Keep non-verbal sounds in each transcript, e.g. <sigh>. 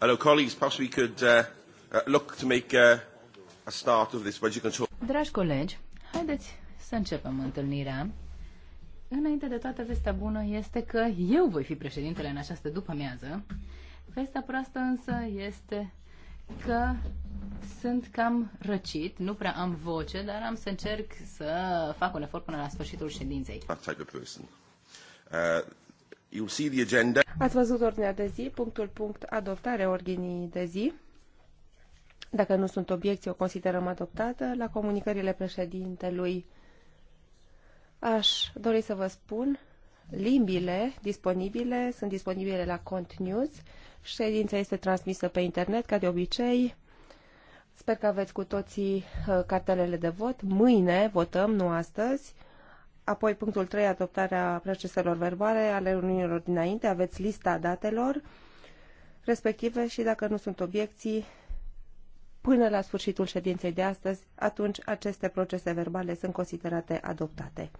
Hello, colleagues. Perhaps we could uh, uh, look to make uh, a start of this budget control. Dragi colegi, haideți să începem întâlnirea. Înainte de toată vestea bună este că eu voi fi președintele în această după-amiază. Vestea proastă însă este că sunt cam răcit, nu prea am voce, dar am să încerc să fac un efort până la sfârșitul ședinței. That type of person. Uh, You see the agenda. Ați văzut ordinea de zi, punctul punct adoptare ordinii de zi. Dacă nu sunt obiecții, o considerăm adoptată. La comunicările președintelui aș dori să vă spun limbile disponibile sunt disponibile la Cont News. Ședința este transmisă pe internet, ca de obicei. Sper că aveți cu toții uh, cartelele de vot. Mâine votăm, nu astăzi. Apoi punctul 3, adoptarea proceselor verbale ale reuniunilor dinainte. Aveți lista datelor respective și dacă nu sunt obiecții, până la sfârșitul ședinței de astăzi, atunci aceste procese verbale sunt considerate adoptate.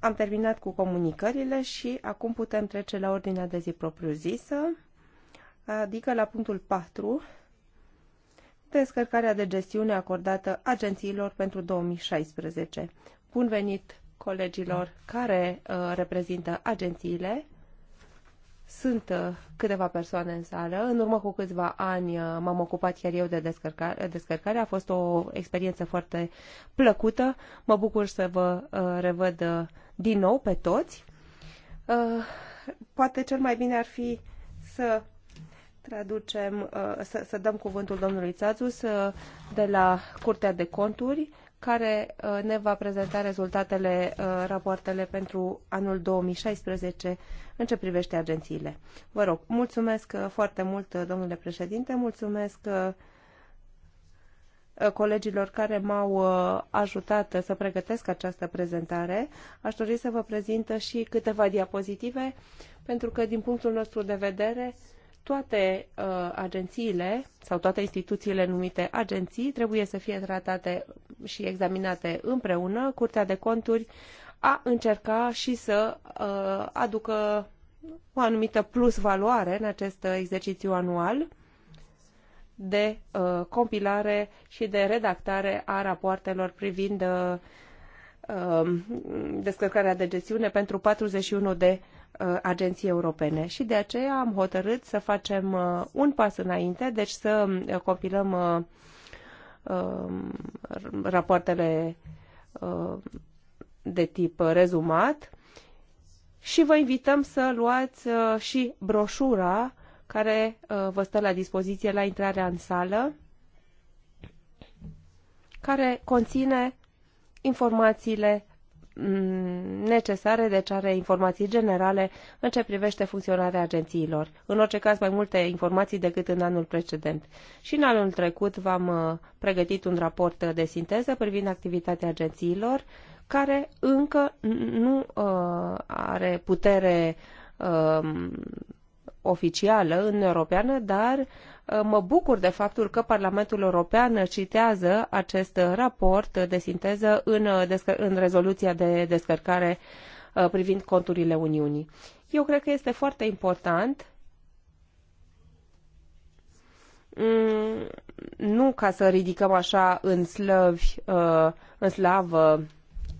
Am terminat cu comunicările și acum putem trece la ordinea de zi propriu-zisă, adică la punctul 4, descărcarea de gestiune acordată agențiilor pentru 2016. Bun venit colegilor care uh, reprezintă agențiile. Sunt uh, câteva persoane în sală. În urmă cu câțiva ani uh, m-am ocupat chiar eu de descărcare, descărcare. A fost o experiență foarte plăcută. Mă bucur să vă uh, revăd uh, din nou pe toți. Uh, poate cel mai bine ar fi să traducem, uh, să, să dăm cuvântul domnului Țațus uh, de la Curtea de Conturi care uh, ne va prezenta rezultatele uh, rapoartele pentru anul 2016 în ce privește agențiile. Vă rog, mulțumesc uh, foarte mult, domnule președinte, mulțumesc colegilor care m-au ajutat să pregătesc această prezentare. Aș dori să vă prezintă și câteva diapozitive, pentru că, din punctul nostru de vedere, toate uh, agențiile sau toate instituțiile numite agenții trebuie să fie tratate și examinate împreună. Curtea de conturi a încerca și să uh, aducă o anumită plus valoare în acest exercițiu anual de uh, compilare și de redactare a rapoartelor privind uh, um, descărcarea de gestiune pentru 41 de Uh, agenții europene și de aceea am hotărât să facem uh, un pas înainte, deci să uh, compilăm um, rapoartele de tip rezumat și vă invităm să luați și broșura care vă stă la dispoziție la intrarea în sală, care conține informațiile necesare, deci are informații generale în ce privește funcționarea agențiilor. În orice caz, mai multe informații decât în anul precedent. Și în anul trecut v-am uh, pregătit un raport de sinteză privind activitatea agențiilor, care încă nu uh, are putere uh, oficială în Europeană, dar Uh, mă bucur de faptul că Parlamentul European citează acest raport de sinteză în, uh, în rezoluția de descărcare uh, privind conturile Uniunii. Eu cred că este foarte important mm, nu ca să ridicăm așa în slăvi, în slavă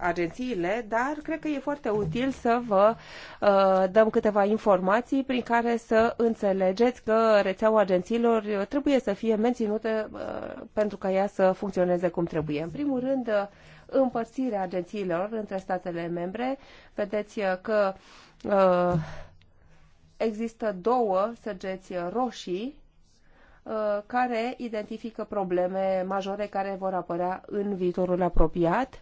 agențiile, dar cred că e foarte util să vă uh, dăm câteva informații prin care să înțelegeți că rețeaua agențiilor trebuie să fie menținută uh, pentru ca ea să funcționeze cum trebuie. În primul rând, uh, împărțirea agențiilor între statele membre. Vedeți uh, că uh, există două săgeți roșii uh, care identifică probleme majore care vor apărea în viitorul apropiat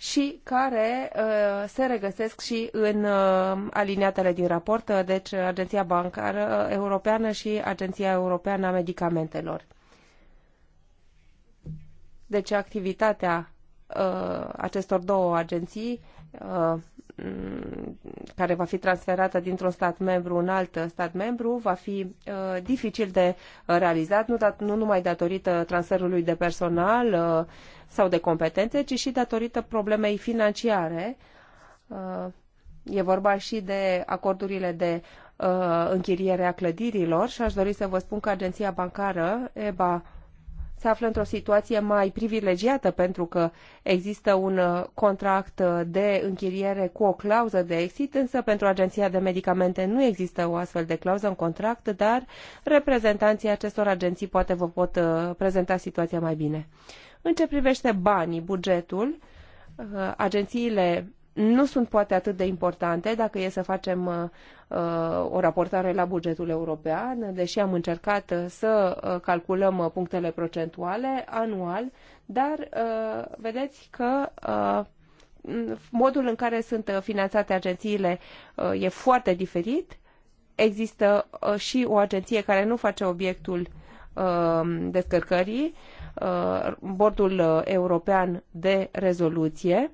și care uh, se regăsesc și în uh, aliniatele din raport, uh, deci Agenția Bancară Europeană și Agenția Europeană a Medicamentelor. Deci activitatea uh, acestor două agenții Uh, care va fi transferată dintr-un stat membru în alt stat membru va fi uh, dificil de realizat, nu, dat, nu numai datorită transferului de personal uh, sau de competențe, ci și datorită problemei financiare. E vorba și de acordurile de închiriere a clădirilor și aș dori să vă spun că Agenția Bancară, EBA, se află într-o situație mai privilegiată pentru că există un uh, contract uh, de închiriere cu o clauză de exit, însă pentru Agenția de Medicamente nu există o astfel de clauză în contract, dar reprezentanții acestor agenții poate vă pot uh, prezenta situația mai bine. În ce privește banii, bugetul, agențiile nu sunt poate atât de importante dacă e să facem uh, uh o raportare la bugetul european, deși am încercat uh, să uh, calculăm punctele procentuale anual, dar uh, vedeți că uh, modul în care sunt finanțate agențiile e foarte diferit. Există și o agenție care nu face obiectul descărcării, Bordul European de Rezoluție,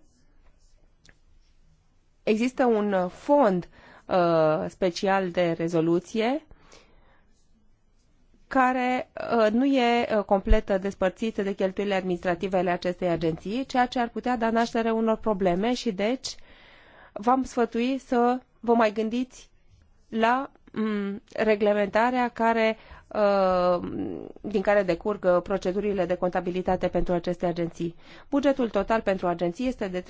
există un uh, fond uh, special de rezoluție care uh, nu e uh, complet despărțit de cheltuielile administrative ale acestei agenții, ceea ce ar putea da naștere unor probleme și deci v-am sfătui să vă mai gândiți la um, reglementarea care Uh, din care decurg procedurile de contabilitate pentru aceste agenții. Bugetul total pentru agenții este de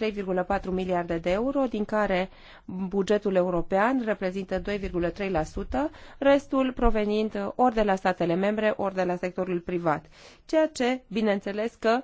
3,4 miliarde de euro, din care bugetul european reprezintă 2,3%, restul provenind ori de la statele membre, ori de la sectorul privat. Ceea ce, bineînțeles că,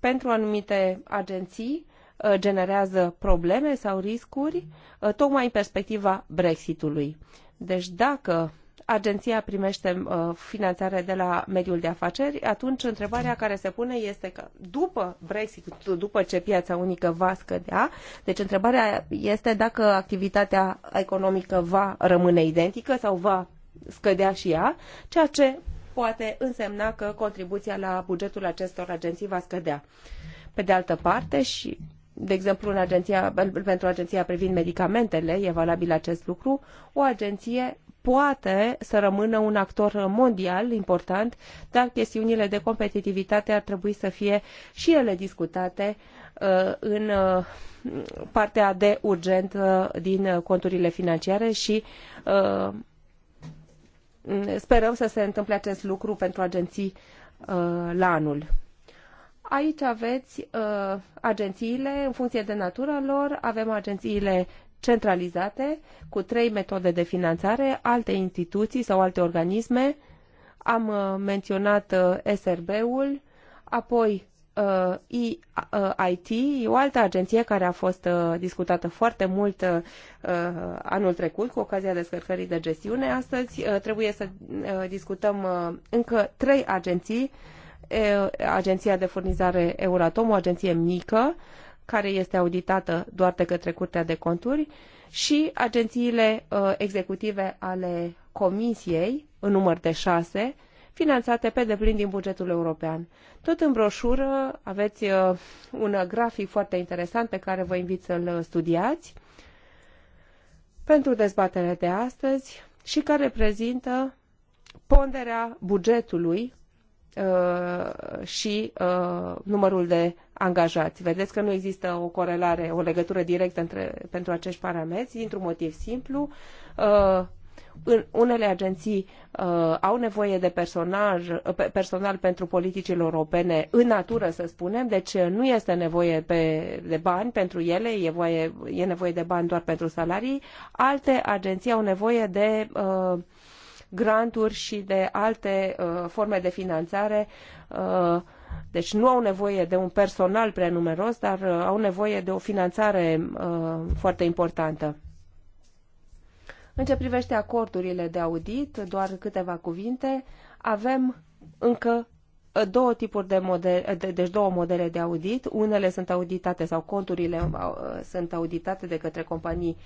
pentru anumite agenții, uh, generează probleme sau riscuri, uh, tocmai în perspectiva Brexitului. Deci dacă agenția primește uh, finanțare de la mediul de afaceri, atunci întrebarea care se pune este că după Brexit, după ce piața unică va scădea, deci întrebarea este dacă activitatea economică va rămâne identică sau va scădea și ea, ceea ce poate însemna că contribuția la bugetul acestor agenții va scădea. Pe de altă parte, și de exemplu, în agenția, pentru agenția privind medicamentele, e valabil acest lucru, o agenție poate să rămână un actor mondial important, dar chestiunile de competitivitate ar trebui să fie și ele discutate uh, în uh, partea de urgent uh, din conturile financiare și sperăm să se întâmple acest lucru pentru agenții la anul. Aici aveți uh, agențiile în funcție de natura lor, avem agențiile centralizate cu trei metode de finanțare, alte instituții sau alte organisme. Am uh, menționat uh, SRB-ul, apoi EIT, uh, o altă agenție care a fost discutată foarte mult anul trecut cu ocazia descărcării de gestiune. Astăzi trebuie să discutăm încă trei agenții, Agenția de Furnizare Euratom, o agenție mică, care este auditată doar de către Curtea de Conturi, și agențiile uh, executive ale Comisiei, în număr de șase, finanțate pe deplin din bugetul european. Tot în broșură aveți uh, un grafic foarte interesant pe care vă invit să-l studiați pentru dezbaterea de astăzi și care prezintă ponderea bugetului Uh, și uh, numărul de angajați. Vedeți că nu există o corelare, o legătură directă între, pentru acești parametri, dintr-un motiv simplu. Uh, în unele agenții uh, au nevoie de personal, personal pentru politicile europene în natură, să spunem, deci nu este nevoie pe, de bani pentru ele, e, voie, e nevoie de bani doar pentru salarii. Alte agenții au nevoie de uh, granturi și de alte uh, forme de finanțare. Uh, deci nu au nevoie de un personal prea numeros, dar uh, au nevoie de o finanțare uh, foarte importantă. În ce privește acordurile de audit, doar câteva cuvinte, avem încă uh, două tipuri de modele, deci două modele de audit. Unele sunt auditate sau conturile uh, sunt auditate de către companii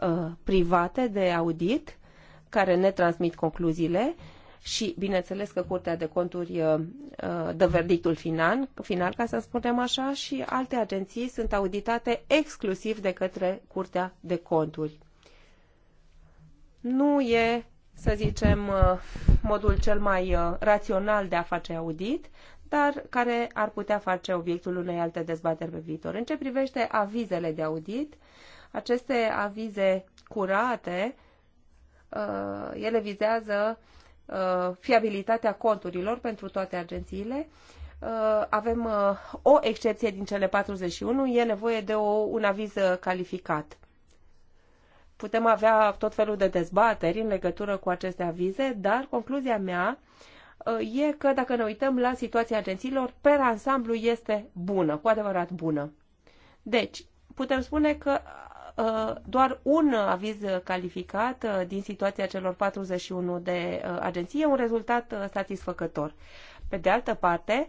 uh, private de audit care ne transmit concluziile și, bineînțeles, că Curtea de Conturi uh, uh, dă verdictul final, final, ca să spunem așa, și alte agenții sunt auditate exclusiv de către Curtea de Conturi. Nu e, să zicem, uh, modul cel mai rațional de a face audit, dar care ar putea face obiectul unei alte dezbateri pe viitor. În ce privește avizele de audit, aceste avize curate Uh, ele vizează uh, fiabilitatea conturilor pentru toate agențiile. Uh, avem o excepție din cele 41, e nevoie de o, un aviz calificat. Putem avea tot felul de dezbateri în legătură cu aceste avize, dar concluzia mea e că dacă ne uităm la situația agențiilor, pe ansamblu este bună, cu adevărat bună. Deci, putem spune că Uh, doar un aviz calificat uh, din situația celor 41 de uh, agenții e un rezultat satisfăcător. Pe de altă parte,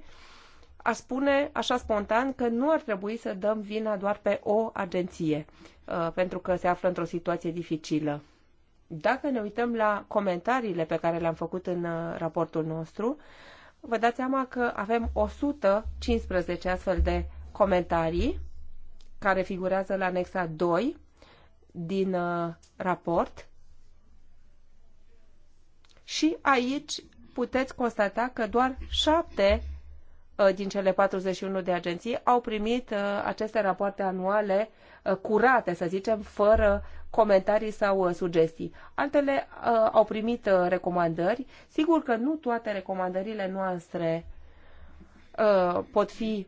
aș spune așa spontan că nu ar trebui să dăm vina doar pe o agenție, pentru că se află într-o situație dificilă. Dacă ne uităm la comentariile pe care le-am făcut în raportul nostru, vă dați seama că avem 115 astfel de comentarii care figurează la anexa 2 din uh, raport. Și aici puteți constata că doar șapte uh, din cele 41 de agenții au primit uh, aceste rapoarte anuale curate, să zicem, fără comentarii sau sugestii. Altele au primit recomandări. Sigur că nu toate recomandările noastre pot fi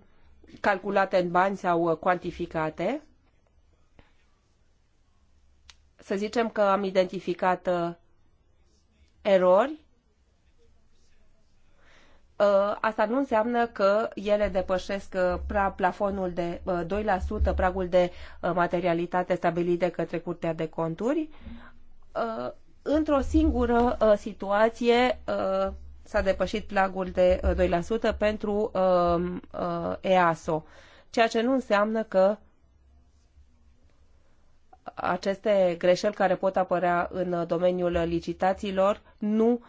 calculate în bani sau uh, cuantificate. Să zicem că am identificat uh, erori. Uh, asta nu înseamnă că ele depășesc plafonul de 2%, pragul de materialitate stabilit de către Curtea de Conturi. Într-o singură situație, s-a depășit plagul de 2% uh, pentru um, uh, EASO, ceea ce nu înseamnă că aceste greșeli care pot apărea în uh, domeniul licitațiilor nu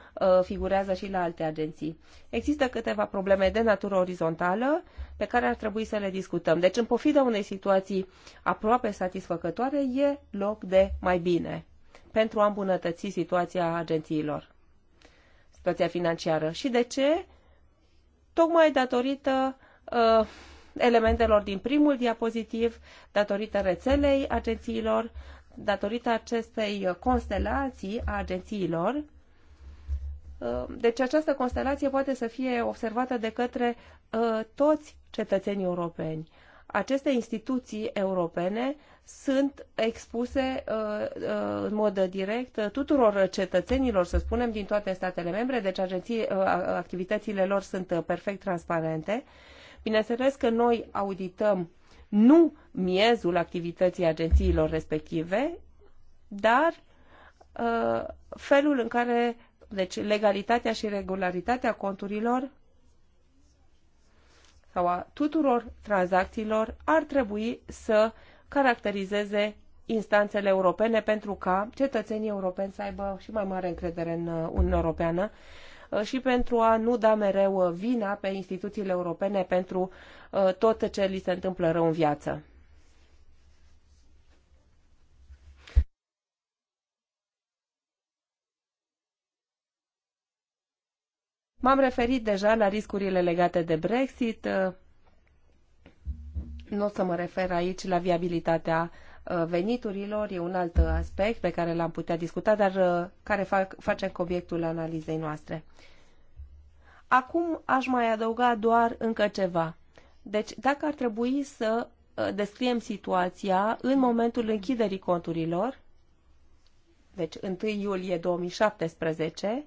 figurează și la alte agenții. Există câteva probleme de natură orizontală pe care ar trebui să le discutăm. Deci, în pofida unei situații aproape satisfăcătoare, e loc de mai bine pentru a îmbunătăți situația agențiilor situația financiară. Și de ce? Tocmai datorită uh, elementelor din primul diapozitiv, datorită rețelei agențiilor, datorită acestei constelații a agențiilor. Uh, deci această constelație poate să fie observată de către uh, toți cetățenii europeni. Aceste instituții europene sunt expuse uh, uh, în mod direct tuturor cetățenilor, să spunem, din toate statele membre, deci agenții, uh, activitățile lor sunt perfect transparente. Bineînțeles că noi audităm nu miezul activității agențiilor respective, dar felul în care, deci legalitatea și regularitatea conturilor sau a tuturor tranzacțiilor ar trebui să caracterizeze instanțele europene pentru ca cetățenii europeni să aibă și mai mare încredere în uh, Uniunea Europeană uh, și pentru a nu da mereu uh, vina pe instituțiile europene pentru tot ce li se întâmplă rău în viață. M-am referit deja la riscurile legate de Brexit, nu o să mă refer aici la viabilitatea uh, veniturilor, e un alt aspect pe care l-am putea discuta, dar uh, care fac, facem cu obiectul analizei noastre. Acum aș mai adăuga doar încă ceva. Deci, dacă ar trebui să uh, descriem situația în momentul închiderii conturilor, deci 1 iulie 2017,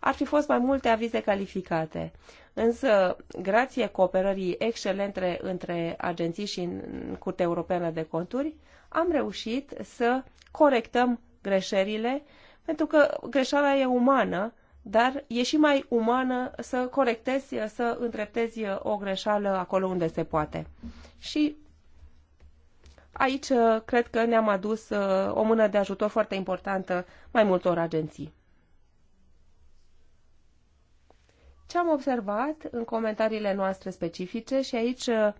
ar fi fost mai multe avize calificate însă grație cooperării excelente între agenții și în Curtea Europeană de Conturi, am reușit să corectăm greșelile, pentru că greșeala e umană, dar e și mai umană să corectezi, să întreptezi o greșeală acolo unde se poate. Și aici cred că ne-am adus uh, o mână de ajutor foarte importantă mai multor agenții. Ce am observat în comentariile noastre specifice și aici uh,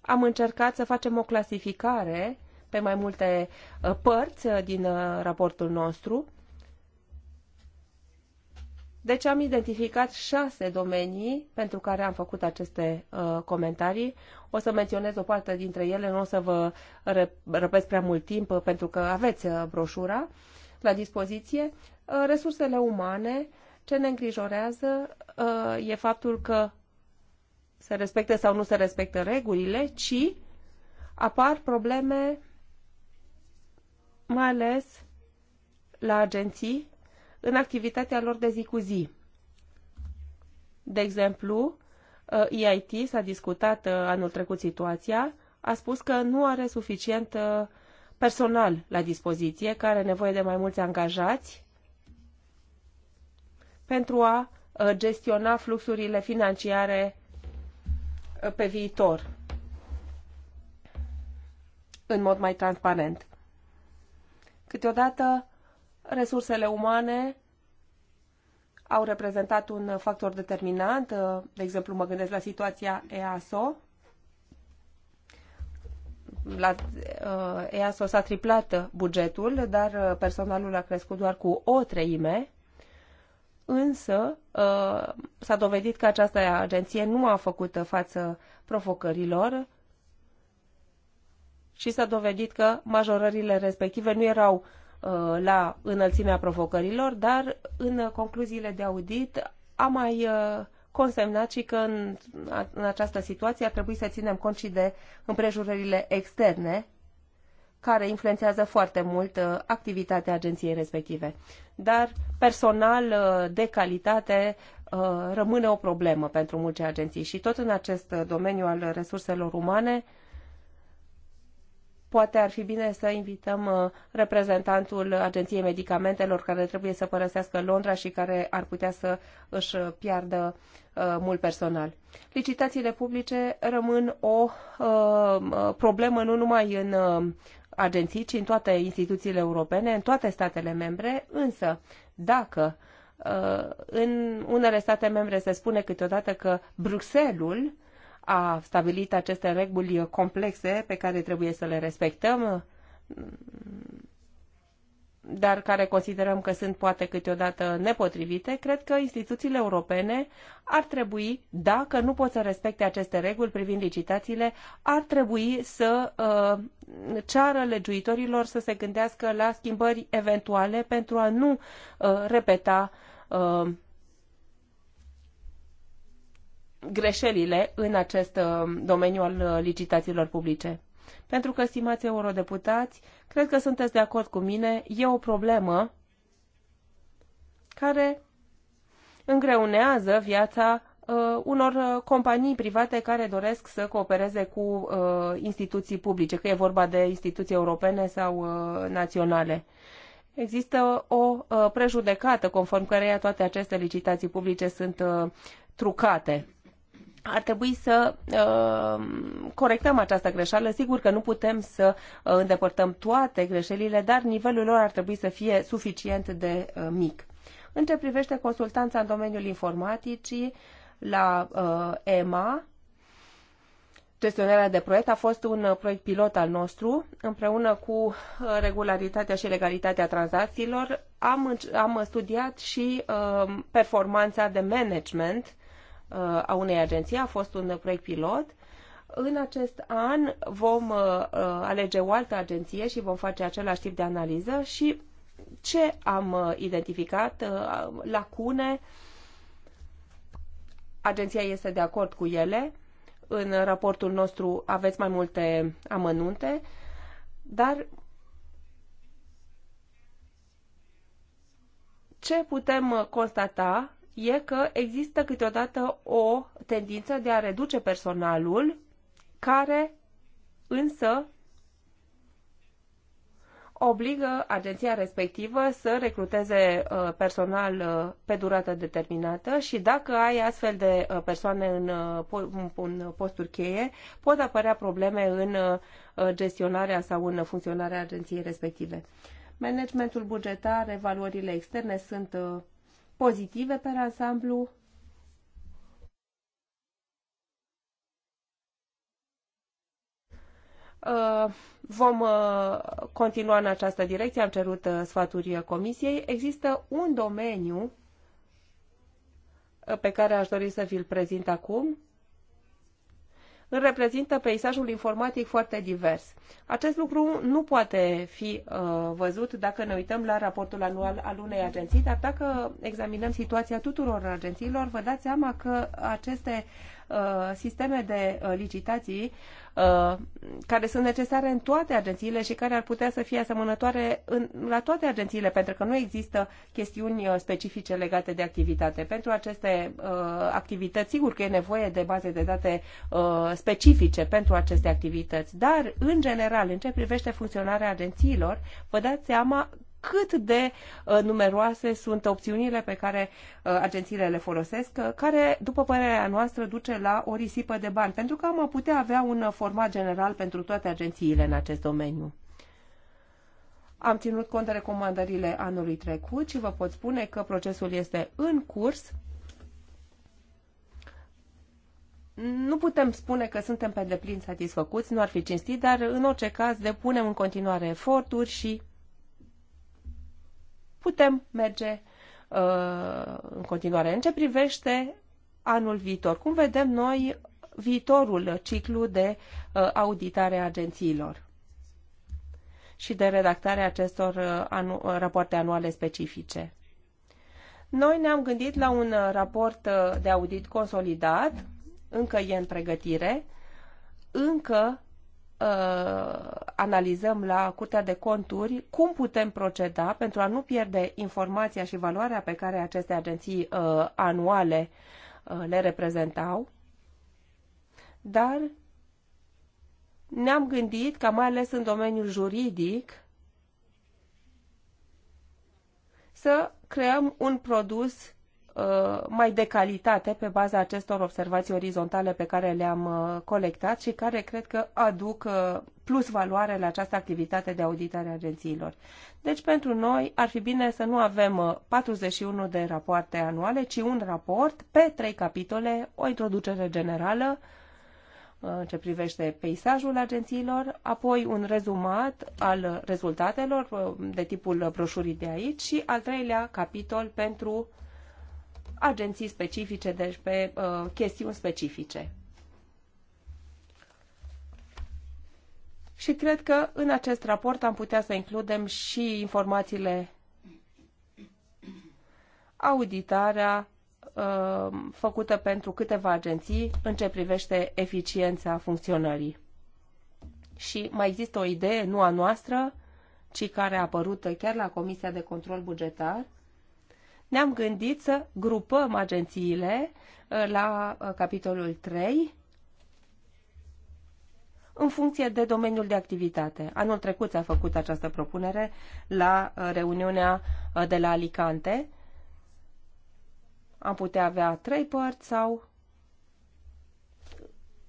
am încercat să facem o clasificare pe mai multe uh, părți uh, din raportul nostru. Deci am identificat șase domenii pentru care am făcut aceste uh, comentarii. O să menționez o parte dintre ele, nu o să vă răpesc prea mult timp pentru că aveți uh, broșura la dispoziție. Uh, resursele umane, uh, ce ne îngrijorează uh, e faptul că se respectă sau nu se respectă regulile, ci apar probleme mai ales la agenții în activitatea lor de zi cu zi. De exemplu, uh, EIT s-a discutat uh, anul trecut situația, a spus că nu are suficient personal la dispoziție, care are nevoie de mai mulți angajați pentru a uh, gestiona fluxurile financiare uh, pe viitor în mod mai transparent. Câteodată, resursele umane au reprezentat un factor determinant, uh, de exemplu mă gândesc la situația EASO, la EASO s-a triplat bugetul, dar personalul a crescut doar cu o treime însă uh, s-a dovedit că această agenție nu a făcut față provocărilor și s-a dovedit că majorările respective nu erau uh, la înălțimea provocărilor, dar în concluziile de audit a mai uh, consemnat și că în, în această situație ar trebui să ținem cont și de împrejurările externe care influențează foarte mult uh, activitatea agenției respective. Dar personal uh, de calitate uh, rămâne o problemă pentru multe agenții și tot în acest domeniu al resurselor umane poate ar fi bine să invităm reprezentantul Agenției Medicamentelor care trebuie să părăsească Londra și care ar putea să își piardă mult personal. Licitațiile publice rămân o problemă nu numai în agenții, ci în toate instituțiile europene, în toate statele membre, însă dacă uh, în unele state membre se spune câteodată că Bruxelles a stabilit aceste reguli complexe pe care trebuie să le respectăm, dar care considerăm că sunt poate câteodată nepotrivite, cred că instituțiile europene ar trebui, dacă nu pot să respecte aceste reguli privind licitațiile, ar trebui să uh, ceară legiuitorilor să se gândească la schimbări eventuale pentru a nu uh, repeta uh, greșelile în acest uh, domeniu al uh, licitațiilor publice. Pentru că, stimați eurodeputați, cred că sunteți de acord cu mine, e o problemă care îngreunează viața uh, unor uh, companii private care doresc să coopereze cu uh, instituții publice, că e vorba de instituții europene sau uh, naționale. Există o uh, prejudecată conform căreia toate aceste licitații publice sunt uh, trucate ar trebui să uh, corectăm această greșeală. Sigur că nu putem să uh, îndepărtăm toate greșelile, dar nivelul lor ar trebui să fie suficient de uh, mic. În ce privește consultanța în domeniul informaticii la uh, EMA, gestionarea de proiect a fost un uh, proiect pilot al nostru. Împreună cu uh, regularitatea și legalitatea tranzacțiilor am, am studiat și uh, performanța de management Uh, a unei agenții, a fost un proiect pilot. În acest an vom uh, uh, alege o altă agenție și vom face același tip de analiză și ce am identificat, lacune, agenția este de acord cu ele, în raportul nostru aveți mai multe amănunte, dar ce putem constata e că există câteodată o tendință de a reduce personalul, care însă obligă agenția respectivă să recruteze uh, personal uh, pe durată determinată și dacă ai astfel de uh, persoane în, posturi cheie, pot apărea probleme în gestionarea sau în funcționarea agenției respective. Managementul bugetar, evaluările externe sunt pozitive pe ansamblu. Uh, vom uh, continua în această direcție, am cerut uh, sfaturi comisiei. Există un domeniu pe care aș dori să vi-l prezint acum, îl reprezintă peisajul informatic foarte divers. Acest lucru nu poate fi uh, văzut dacă ne uităm la raportul anual al unei agenții, dar dacă examinăm situația tuturor agențiilor, vă dați seama că aceste uh, sisteme de uh, licitații uh, Uh, care sunt necesare în toate agențiile și care ar putea să fie asemănătoare în, la toate agențiile, pentru că nu există chestiuni uh, specifice legate de activitate. Pentru aceste uh, activități, sigur că e nevoie de baze de date uh, specifice pentru aceste activități, dar, în general, în ce privește funcționarea agențiilor, vă dați seama cât de uh, numeroase sunt opțiunile pe care uh, agențiile le folosesc, uh, care, după părerea noastră, duce la o risipă de bani, pentru că am putea avea un uh, format general pentru toate agențiile în acest domeniu. Am ținut cont de recomandările anului trecut și vă pot spune că procesul este în curs. Nu putem spune că suntem pe deplin satisfăcuți, nu ar fi cinstit, dar în orice caz depunem în continuare eforturi și putem merge uh, în continuare. În ce privește anul viitor, cum vedem noi viitorul ciclu de uh, auditare a agențiilor și de redactare acestor uh, anu- uh, rapoarte anuale specifice. Noi ne-am gândit la un uh, raport uh, de audit consolidat, încă e în pregătire, încă uh, analizăm la Curtea de Conturi cum putem proceda pentru a nu pierde informația și valoarea pe care aceste agenții uh, anuale uh, le reprezentau, dar ne-am gândit că mai ales în domeniul juridic să creăm un produs Uh, mai de calitate pe baza acestor observații orizontale pe care le-am uh, colectat și care cred că aduc uh, plus valoare la această activitate de auditare a agențiilor. Deci pentru noi ar fi bine să nu avem 41 de rapoarte anuale, ci un raport pe trei capitole, o introducere generală, în ce privește peisajul agențiilor, apoi un rezumat al rezultatelor de tipul broșurii de aici și al treilea capitol pentru agenții specifice, deci pe uh, chestiuni specifice. Și cred că în acest raport am putea să includem și informațiile auditarea uh, făcută pentru câteva agenții în ce privește eficiența funcționării. Și mai există o idee, nu a noastră, ci care a apărut chiar la Comisia de Control Bugetar, ne-am gândit să grupăm agențiile uh, la uh, capitolul 3 în funcție de domeniul de activitate. Anul trecut s-a făcut această propunere la uh, reuniunea de la Alicante. Am putea avea trei părți sau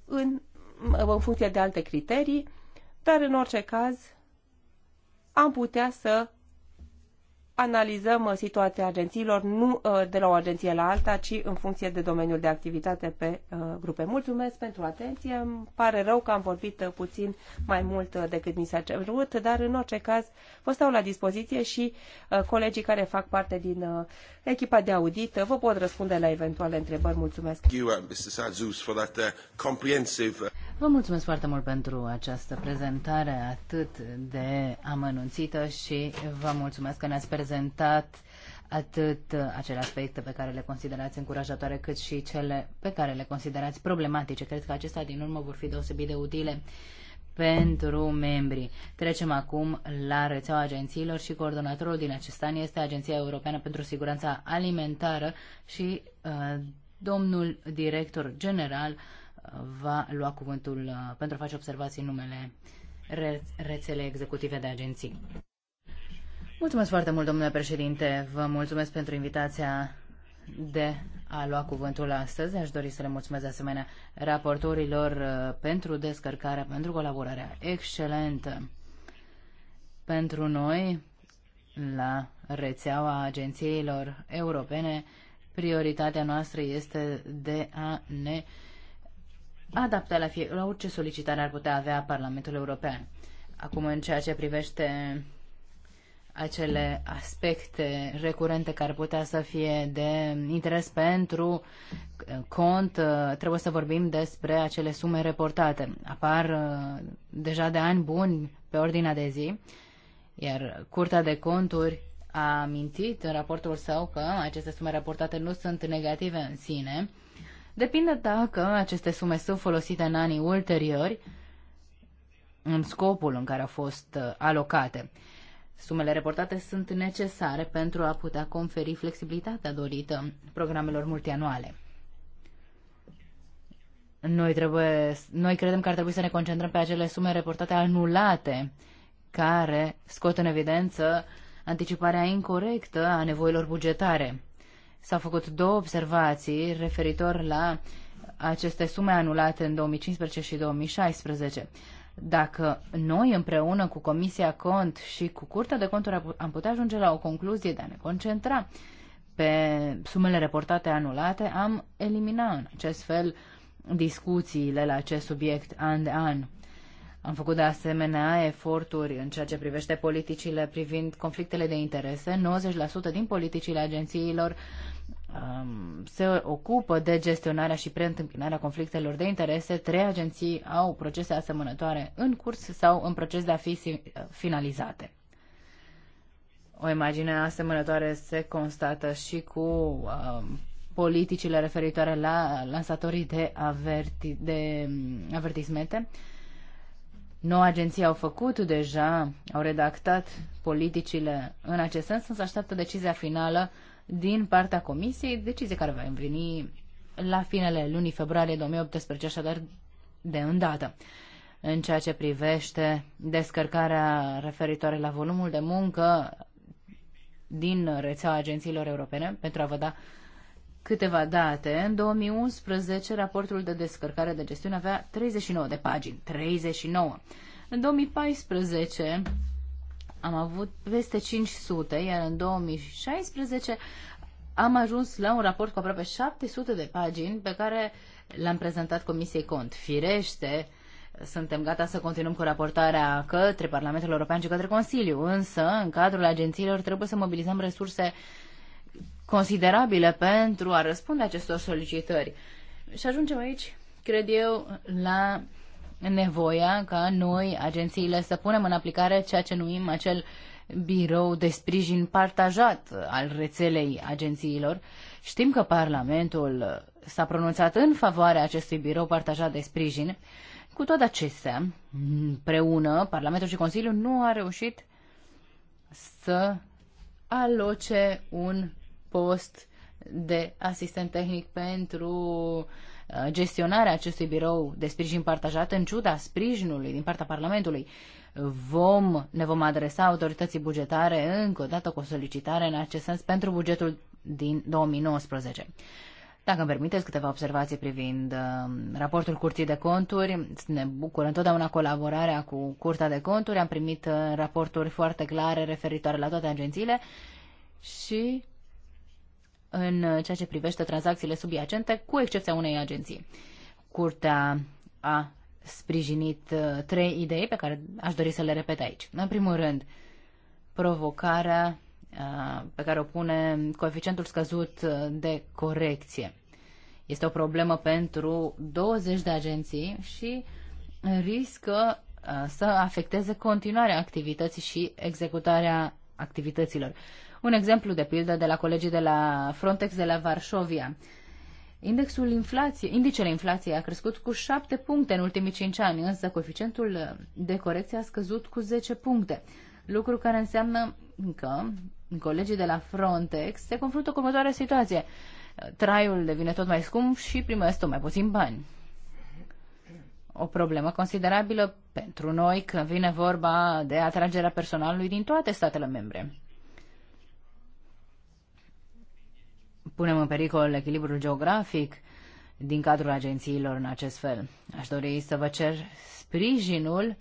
în, în funcție de alte criterii, dar în orice caz am putea să analizăm uh, situația agențiilor nu uh, de la o agenție la alta, ci în funcție de domeniul de activitate pe uh, grupe. Mulțumesc pentru atenție. Îmi pare rău că am vorbit puțin mai mult decât mi s-a cerut, dar în orice caz vă stau la dispoziție și colegii care fac parte din echipa de audit vă pot răspunde la eventuale întrebări. Mulțumesc! Vă mulțumesc foarte mult pentru această prezentare atât de amănunțită și vă mulțumesc că ne-ați prezentat atât acele aspecte pe care le considerați încurajatoare, cât și cele pe care le considerați problematice. Cred că acestea din urmă vor fi deosebit de utile pentru membri. Trecem acum la rețeaua agențiilor și coordonatorul din acest an este Agenția Europeană pentru Siguranța Alimentară și uh, domnul director general uh, va lua cuvântul uh, pentru a face observații în numele rețelei executive de agenții. Mulțumesc foarte mult, domnule președinte. Vă mulțumesc pentru invitația de a lua cuvântul astăzi. Aș dori să le mulțumesc de asemenea raportorilor uh, pentru descărcare, pentru colaborarea excelentă. Pentru noi, la rețeaua agențiilor europene, prioritatea noastră este de a ne uh, adaptat la, fie, la orice solicitare ar putea avea Parlamentul European. Acum, în ceea ce privește acele aspecte recurente care putea să fie de interes pentru uh, cont, uh, trebuie să vorbim despre acele sume reportate. Apar uh, deja de ani buni pe ordinea de zi, iar Curtea de Conturi a amintit în raportul său că aceste sume reportate nu sunt negative în sine, Depinde dacă aceste sume sunt folosite în anii ulteriori în scopul în care au fost uh, alocate. Sumele reportate sunt necesare pentru a putea conferi flexibilitatea dorită programelor multianuale. Noi, trebuie, noi credem că ar trebui să ne concentrăm pe acele sume reportate anulate care scot în evidență anticiparea incorrectă a nevoilor bugetare. S-au făcut două observații referitor la aceste sume anulate în 2015 și 2016. Dacă noi împreună cu Comisia Cont și cu Curtea de Conturi am putea ajunge la o concluzie de a ne concentra pe sumele reportate anulate, am elimina în acest fel discuțiile la acest subiect an de an. Am făcut de asemenea eforturi în ceea ce privește politicile privind conflictele de interese. 90% din politicile agențiilor uh, Um, se ocupă de gestionarea și preîntâmpinarea conflictelor de interese, trei agenții au procese asemănătoare în curs sau în proces de a fi finalizate. O imagine asemănătoare se constată și cu um, politicile referitoare la lansatorii de, averti, de um, avertismente. Noua agenții au făcut deja, au redactat politicile în acest sens, însă așteaptă decizia finală uh, din partea Comisiei, decizie care va veni la finele lunii februarie 2018, așadar de îndată. În ceea ce privește descărcarea referitoare la volumul de muncă din rețeaua agențiilor europene, pentru a vă da câteva date, în 2011 raportul de descărcare de gestiune avea 39 de pagini, 39. În 2014 am avut peste 500, iar în 2016 am ajuns la un raport cu aproape 700 de pagini pe care l-am prezentat Comisiei Cont. Firește, suntem gata să continuăm cu raportarea către Parlamentul European și către Consiliu, însă în cadrul agențiilor trebuie să mobilizăm resurse considerabile pentru a răspunde acestor solicitări. Și ajungem aici, cred eu, la nevoia ca noi, agențiile, să punem în aplicare ceea ce numim acel birou de sprijin partajat al rețelei agențiilor. Știm că Parlamentul s-a pronunțat în favoarea acestui birou partajat de sprijin. Cu toate acestea, împreună, Parlamentul și Consiliul nu a reușit să aloce un post de asistent tehnic pentru uh, Uh, gestionarea acestui birou de sprijin partajat în ciuda sprijinului din partea Parlamentului. Vom, ne vom adresa autorității bugetare încă o dată cu o solicitare în acest sens pentru bugetul din 2019. Dacă îmi permiteți câteva observații privind uh, raportul Curții de Conturi, ne bucură întotdeauna colaborarea cu Curtea de Conturi, am primit uh, raporturi foarte clare referitoare la toate agențiile și în ceea ce privește tranzacțiile subiacente, cu excepția unei agenții. Curtea a sprijinit uh, trei idei pe care aș dori să le repet aici. În primul rând, provocarea uh, pe care o pune coeficientul scăzut uh, de corecție. Este o problemă pentru 20 de agenții și riscă să afecteze continuarea activității și executarea activităților. Un exemplu de pildă de la colegii de la Frontex de la Varșovia. Indexul inflației, indicele inflației a crescut cu 7 puncte în ultimii 5 ani, însă coeficientul de corecție a scăzut cu 10 puncte, lucru care înseamnă că colegii de la Frontex se confruntă cu următoarea situație. Traiul devine tot mai scump și primesc tot mai puțin bani. O problemă considerabilă pentru noi când vine vorba de atragerea personalului din toate statele membre. punem în pericol echilibrul geografic din cadrul agențiilor în acest fel. Aș dori să vă cer sprijinul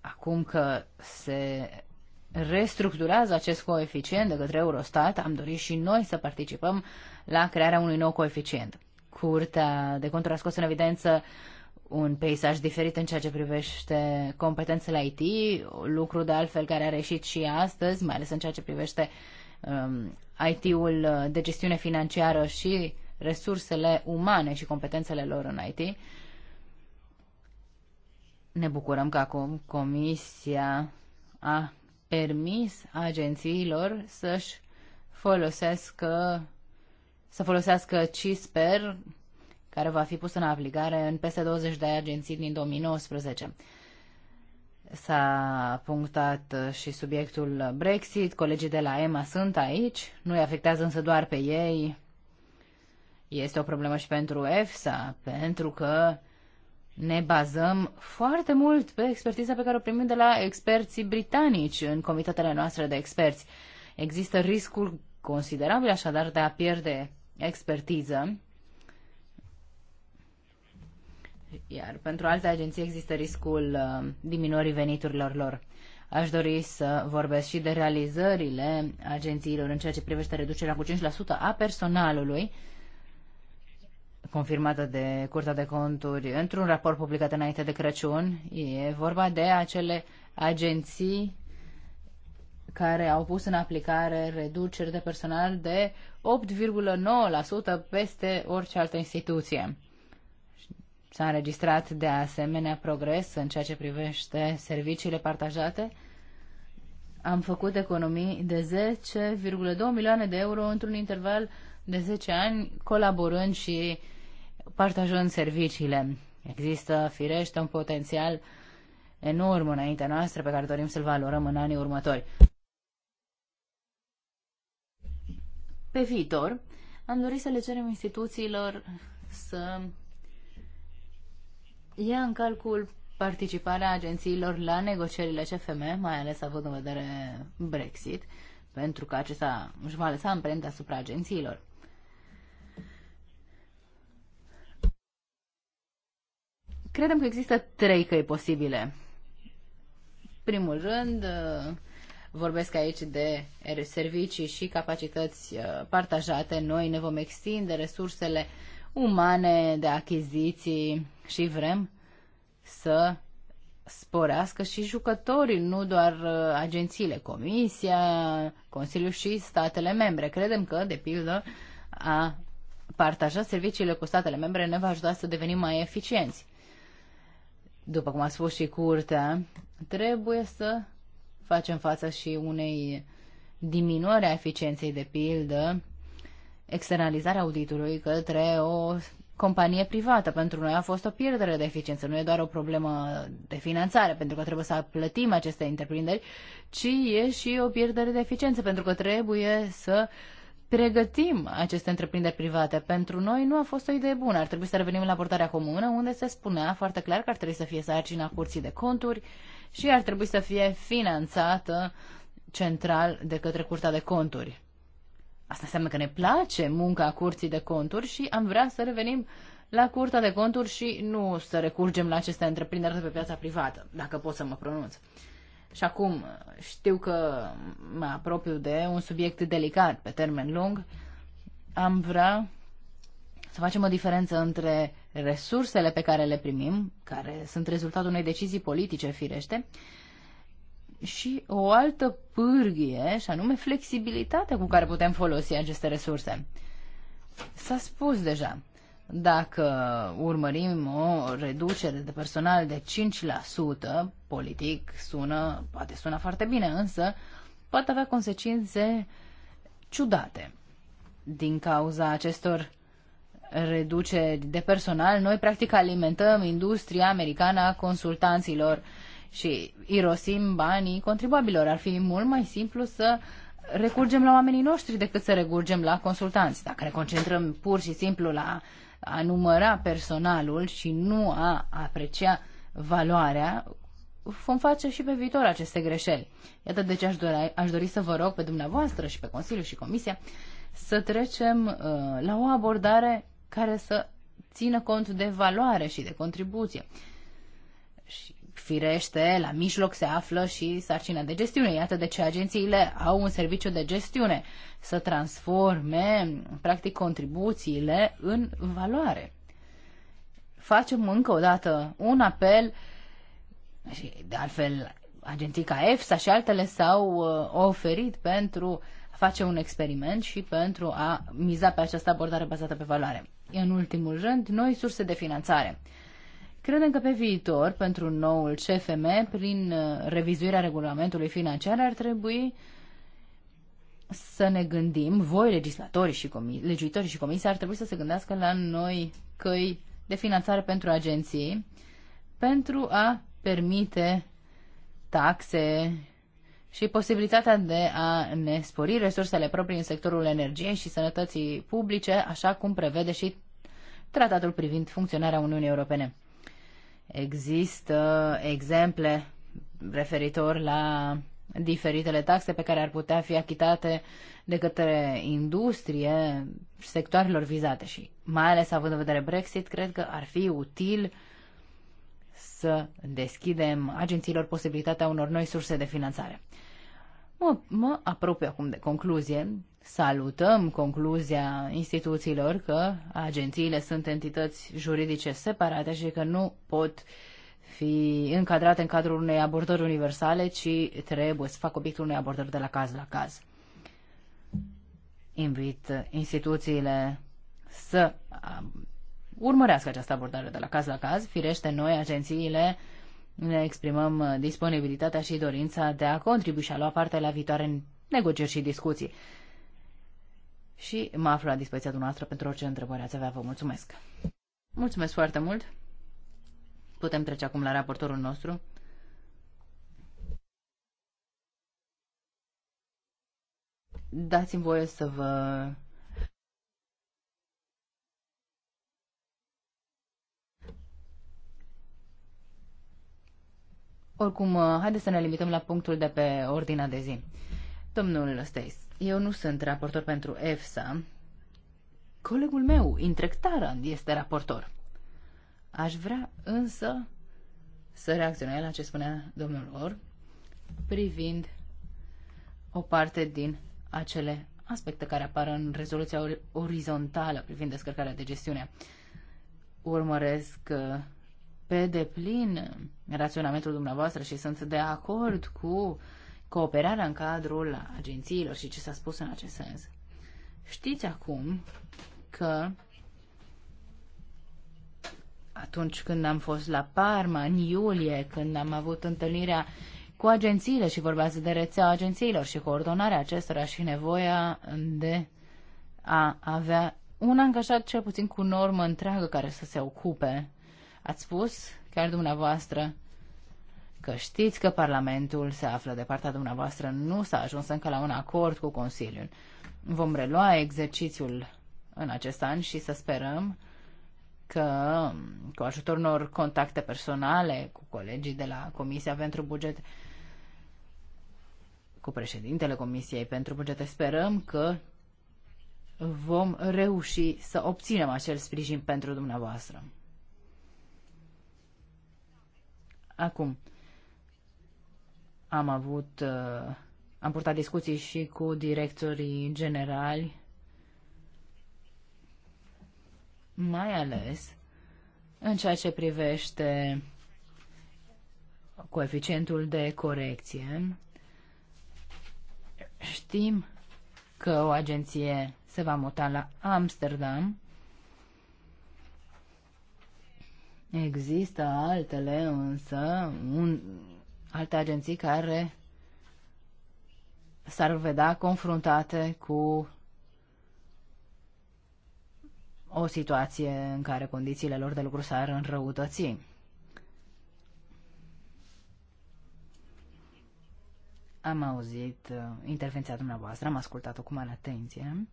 acum că se restructurează acest coeficient de către Eurostat, am dorit și noi să participăm la crearea unui nou coeficient. Curtea de conturi a scos în evidență un peisaj diferit în ceea ce privește competențele IT, lucru de altfel care a reșit și astăzi, mai ales în ceea ce privește Um, IT-ul uh, de gestiune financiară și resursele umane și competențele lor în IT. Ne bucurăm că acum Comisia a permis agențiilor să-și folosească să folosească CISPER, care va fi pus în aplicare în peste 20 de agenții din 2019. S-a punctat și subiectul Brexit. Colegii de la EMA sunt aici, nu îi afectează însă doar pe ei. Este o problemă și pentru EFSA, pentru că ne bazăm foarte mult pe expertiza pe care o primim de la experții britanici în comitetele noastre de experți. Există riscul considerabil așadar de a pierde expertiză iar pentru alte agenții există riscul uh, diminuării veniturilor lor. Aș dori să vorbesc și de realizările agențiilor în ceea ce privește reducerea cu 5% a personalului, confirmată de Curtea de Conturi într-un raport publicat înainte de Crăciun. E vorba de acele agenții care au pus în aplicare reduceri de personal de 8,9% peste orice altă instituție. S-a înregistrat de asemenea progres în ceea ce privește serviciile partajate. Am făcut economii de 10,2 milioane de euro într-un interval de 10 ani, colaborând și partajând serviciile. Există, firește, un potențial enorm înaintea noastră pe care dorim să-l valorăm în anii următori. Pe viitor, am dorit să le cerem instituțiilor să E în calcul participarea agențiilor la negocierile CFM, mai ales având în vedere Brexit, pentru că acesta își va lăsa amprente asupra agențiilor. Credem că există trei căi posibile. Primul rând, vorbesc aici de servicii și capacități uh, partajate. Noi ne vom extinde resursele uh, umane de achiziții și vrem să sporească și jucătorii, nu doar uh, agențiile, Comisia, Consiliul și statele membre. Credem că, de pildă, a partaja serviciile cu statele membre ne va ajuta să devenim mai eficienți. După cum a spus și curtea, trebuie să facem față și unei diminuări a eficienței, de pildă, externalizarea auditului către o companie privată. Pentru noi a fost o pierdere de eficiență, nu e doar o problemă de finanțare, pentru că trebuie să plătim aceste întreprinderi, ci e și o pierdere de eficiență, pentru că trebuie să pregătim aceste întreprinderi private. Pentru noi nu a fost o idee bună. Ar trebui să revenim la portarea comună, unde se spunea foarte clar că ar trebui să fie sarcina curții de conturi și ar trebui să fie finanțată central de către curtea de conturi. Asta înseamnă că ne place munca curții de conturi și am vrea să revenim la curtea de conturi și nu să recurgem la aceste întreprinderi de pe piața privată, dacă pot să mă pronunț. Și acum uh, știu că mă apropiu de un subiect delicat pe termen lung. Am vrea să facem o diferență între resursele pe care le primim, care sunt rezultatul unei decizii politice, firește, și o altă pârghie, și anume flexibilitatea cu care putem folosi aceste resurse. S-a spus deja, dacă urmărim o reducere de personal de 5%, politic sună, poate sună foarte bine, însă poate avea consecințe ciudate. Din cauza acestor reduceri de personal, noi practic alimentăm industria americană a consultanților uh, și irosim banii contribuabilor. Ar fi mult mai simplu să recurgem la oamenii noștri decât să recurgem la consultanți. Dacă ne concentrăm pur și simplu la a număra personalul și nu a aprecia valoarea, vom face și pe viitor aceste greșeli. Iată de ce aș dori, aș dori să vă rog pe dumneavoastră și pe Consiliu și Comisia să trecem uh, la o abordare care să țină cont de valoare și de contribuție. Uh, Firește, la mijloc se află și sarcina de gestiune. Iată de ce agențiile au un serviciu de gestiune, să transforme, practic, contribuțiile în valoare. Facem încă o dată un apel și, de altfel, agenții ca EFSA și altele s-au uh, oferit pentru a face un experiment și pentru a miza pe această abordare bazată pe valoare. În ultimul rând, noi surse de finanțare. Credem că pe viitor, pentru noul CFM, prin uh, revizuirea regulamentului financiar, ar trebui să ne gândim, voi legislatorii și comi- legiuitorii și comisia ar trebui să se gândească la noi căi de finanțare pentru agenții pentru a permite taxe și posibilitatea de a ne spori resursele proprii în sectorul energiei și sănătății publice, așa cum prevede și tratatul privind funcționarea Uniunii Europene. Există exemple referitor la diferitele taxe pe care ar putea fi achitate de către industrie sectoarelor vizate și mai ales având în vedere Brexit, cred că ar fi util să deschidem agențiilor posibilitatea unor noi surse de finanțare. Mă, mă apropii acum de concluzie Salutăm concluzia instituțiilor că agențiile sunt entități juridice separate și că nu pot fi încadrate în cadrul unei abordări universale, ci trebuie să facă obiectul unei abordări de la caz la caz. Invit instituțiile să um, urmărească această abordare de la caz la caz. Firește, noi, agențiile, ne exprimăm disponibilitatea și dorința de a contribui și a lua parte la viitoare negocieri și discuții și mă aflu la dispoziția dumneavoastră pentru orice întrebări ați avea. Vă mulțumesc! Mulțumesc foarte mult! Putem trece acum la raportorul nostru. Dați-mi voie să vă Oricum, haideți să ne limităm la punctul de pe ordinea de zi. Domnul Stace, eu nu sunt raportor pentru EFSA. Colegul meu, Intrek Tarand, este raportor. Aș vrea însă să reacționez la ce spunea domnul Or privind o parte din acele aspecte care apar în rezoluția orizontală privind descărcarea de gestiune. Urmăresc uh, pe deplin raționamentul dumneavoastră și sunt de acord cu cooperarea în cadrul agențiilor și ce s-a spus în acest sens. Știți acum că atunci când am fost la Parma, în iulie, când am avut întâlnirea cu agențiile și vorbeați de rețeaua agențiilor și coordonarea acestora și nevoia de a avea un angajat cel puțin cu normă întreagă care să se ocupe. Ați spus, chiar dumneavoastră, că știți că Parlamentul se află de partea dumneavoastră, nu s-a ajuns încă la un acord cu Consiliul. Vom relua exercițiul în acest an și să sperăm că cu ajutorul unor contacte personale cu colegii de la Comisia pentru Buget, cu președintele Comisiei pentru buget, sperăm că vom reuși să obținem acel sprijin pentru dumneavoastră. Acum, am avut, uh, am purtat discuții și cu directorii generali, mai ales în ceea ce privește coeficientul de corecție. Știm că o agenție se va muta la Amsterdam. Există altele, însă, un, alte agenții care s-ar vedea confruntate cu o situație în care condițiile lor de lucru s-ar înrăutăți. Am auzit uh, intervenția dumneavoastră, am ascultat-o cu mare atenție.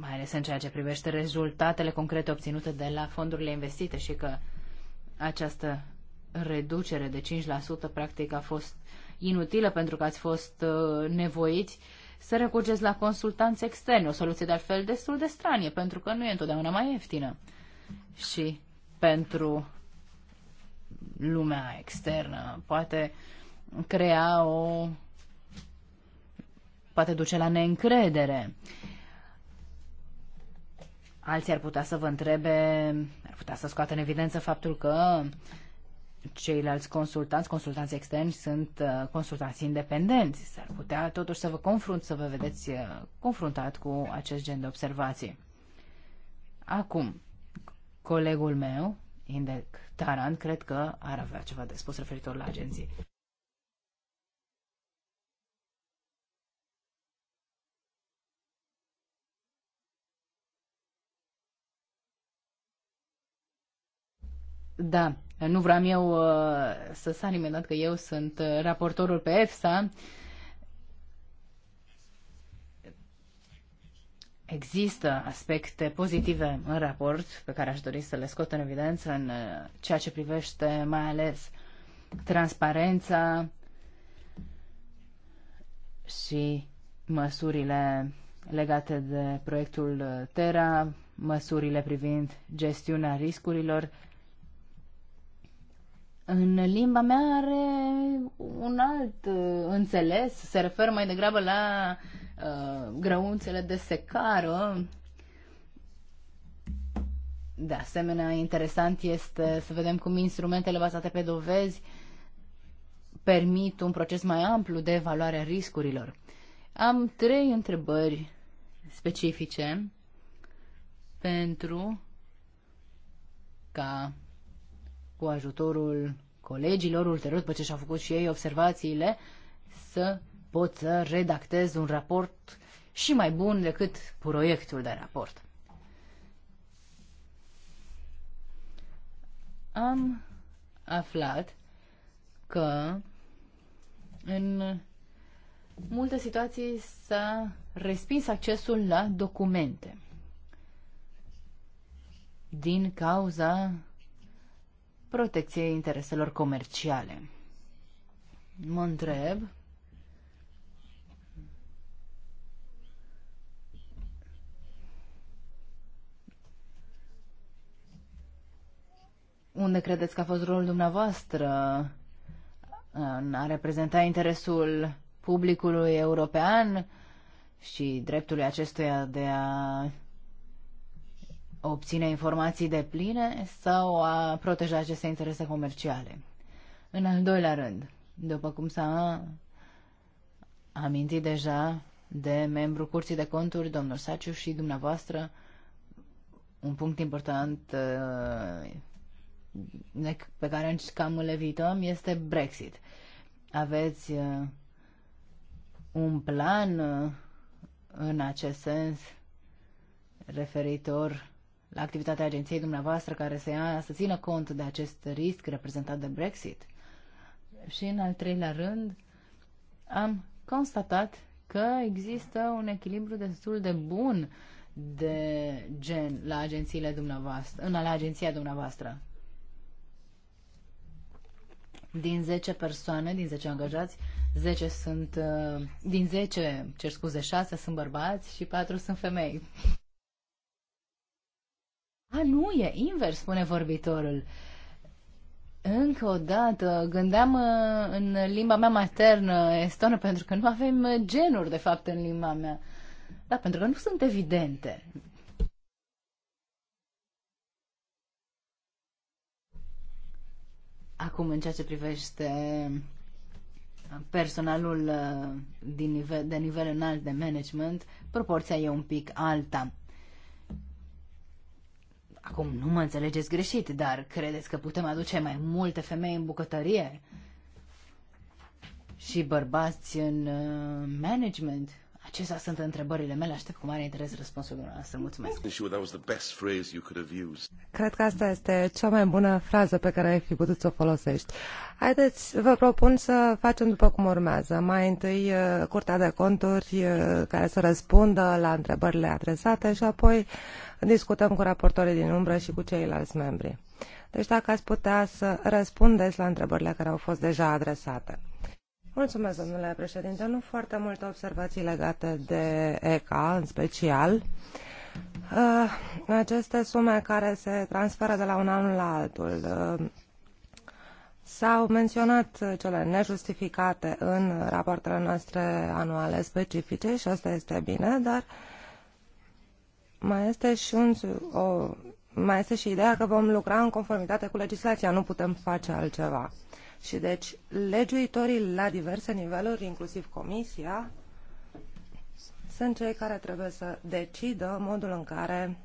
mai ales în ceea ce privește rezultatele concrete obținute de la fondurile investite și că această reducere de 5% practic a fost inutilă pentru că ați fost uh, nevoiți să recurgeți la consultanți externi, o soluție de altfel destul de stranie, pentru că nu e întotdeauna mai ieftină. Și pentru lumea externă poate crea o... poate duce la neîncredere. Uh, Alții ar putea să vă întrebe, ar putea să scoată în evidență faptul că ceilalți consultanți, consultanți externi, sunt uh, consultanți independenți. S-ar putea totuși să vă confrunt, să vă vedeți uh, confruntat cu acest gen de observații. Acum, colegul meu, Indec Taran, cred că ar avea ceva de spus referitor la agenții. Da, nu vreau eu uh, să sar imediat că eu sunt uh, raportorul pe EFSA. Există aspecte pozitive în raport pe care aș dori să le scot în evidență în uh, ceea ce privește mai ales transparența și măsurile legate de proiectul uh, Terra, măsurile privind gestiunea riscurilor în limba mea are un alt uh, înțeles, se referă mai degrabă la uh, grăunțele de secară. De asemenea, interesant este să vedem cum instrumentele bazate pe dovezi permit un proces mai amplu de evaluare a riscurilor. Am trei întrebări specifice pentru ca cu ajutorul colegilor, ulterior, după ce și-au făcut și ei observațiile, să pot să redactez un raport și mai bun decât proiectul de raport. Am aflat că în multe situații s-a respins accesul la documente din cauza protecție intereselor comerciale. Mă întreb unde credeți că a fost rolul dumneavoastră în a reprezenta interesul publicului european și dreptului acestuia de a obține informații de pline sau a proteja aceste interese comerciale. În al doilea rând, după cum s-a amintit deja de membru Curții de Conturi, domnul Saciu și dumneavoastră, un punct important uh, pe care cam îl evităm este Brexit. Aveți uh, un plan uh, în acest sens referitor la activitatea agenției dumneavoastră care se ia, să țină cont de acest risc reprezentat de Brexit. Și în al treilea rând, am constatat că există un echilibru destul de bun de gen la agențiile dumneavoastră, în la agenția dumneavoastră. Din 10 persoane, din 10 angajați, 10 sunt, uh, din 10, cer scuze, 6 sunt bărbați și 4 sunt femei. A, nu, e invers, spune vorbitorul. Încă o dată, gândeam uh, în limba mea maternă estonă, pentru că nu avem uh, genuri, de fapt, în limba mea. Da, pentru că nu sunt evidente. Acum, în ceea ce privește personalul uh, din de nivel înalt de management, proporția e un pic alta. Acum nu mă înțelegeți greșit, dar credeți că putem aduce mai multe femei în bucătărie și bărbați în uh, management? Acestea sunt întrebările mele, aștept cu mare interes răspunsul dumneavoastră. Mulțumesc. Cred că asta este cea mai bună frază pe care ai fi putut să o folosești. Haideți, vă propun să facem după cum urmează. Mai întâi uh, Curtea de Conturi uh, care să răspundă la întrebările adresate și apoi uh, discutăm cu raportorii din umbră și cu ceilalți membri. Deci dacă ați putea să răspundeți la întrebările care au fost deja adresate. Mulțumesc, domnule președinte. Nu foarte multe observații legate de ECA, în special. Uh, aceste sume care se transferă de la un an la altul uh, s-au menționat cele nejustificate în rapoartele noastre anuale specifice și asta este bine, dar uh, mai este și un, o, mai este și ideea că vom lucra în conformitate cu legislația, nu putem face altceva. Și deci legiuitorii la diverse niveluri, inclusiv comisia, sunt cei care trebuie să decidă modul în care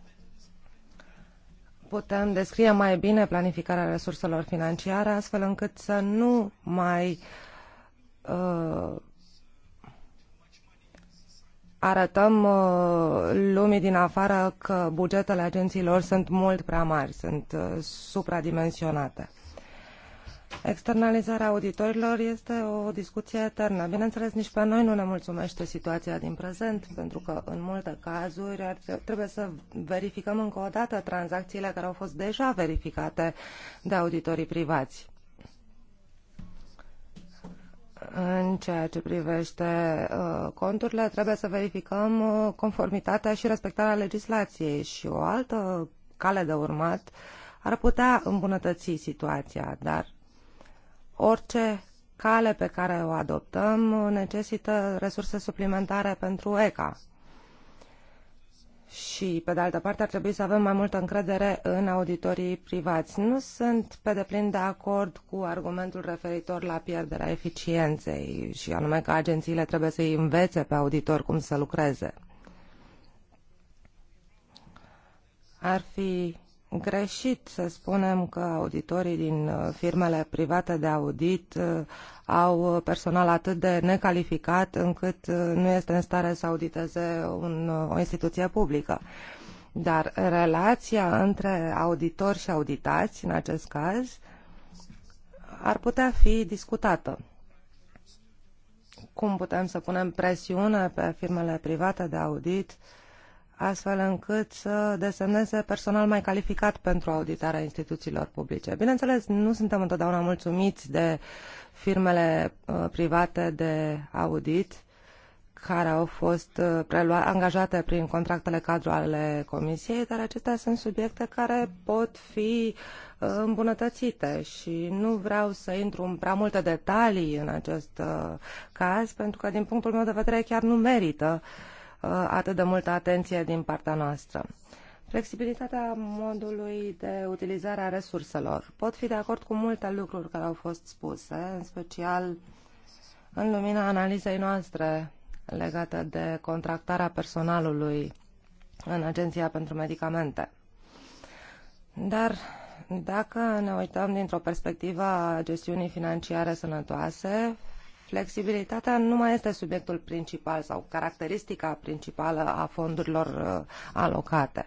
putem descrie mai bine planificarea resurselor financiare, astfel încât să nu mai uh, arătăm uh, lumii din afară că bugetele agențiilor sunt mult prea mari, sunt uh, supradimensionate. Externalizarea auditorilor este o discuție eternă. Bineînțeles, nici pe noi nu ne mulțumește situația din prezent, pentru că în multe cazuri ar, trebuie să verificăm încă o dată tranzacțiile care au fost deja verificate de auditorii privați în ceea ce privește uh, conturile, trebuie să verificăm uh, conformitatea și respectarea legislației și o altă cale de urmat ar putea îmbunătăți situația, dar orice cale pe care o adoptăm uh, necesită resurse suplimentare pentru ECA și, pe de altă parte, ar trebui să avem mai multă încredere în auditorii privați. Nu sunt pe deplin de acord cu argumentul referitor la pierderea eficienței și anume că agențiile trebuie să-i învețe pe auditor cum să lucreze. Ar fi greșit să spunem că auditorii din uh, firmele private de audit uh, au personal atât de necalificat încât uh, nu este în stare să auditeze un, o instituție publică. Dar relația între auditori și auditați, în acest caz, ar putea fi discutată. Cum putem să punem presiune pe firmele private de audit uh, astfel încât să desemneze personal mai calificat pentru auditarea instituțiilor publice. Bineînțeles, nu suntem întotdeauna mulțumiți de firmele uh, private de audit care au fost uh, prelua- angajate prin contractele cadru ale Comisiei, dar acestea sunt subiecte care pot fi uh, îmbunătățite și nu vreau să intru în prea multe detalii în acest caz, pentru că din punctul meu de vedere chiar nu merită uh, Uh, atât de multă atenție din partea noastră. Flexibilitatea modului de utilizare a resurselor. Pot fi de acord cu multe lucruri care au fost spuse, în special în lumina analizei noastre legată de contractarea personalului în Agenția pentru Medicamente. Dar dacă ne uităm dintr-o perspectivă a gestiunii financiare sănătoase, Flexibilitatea nu mai este subiectul principal sau caracteristica principală a fondurilor uh, alocate.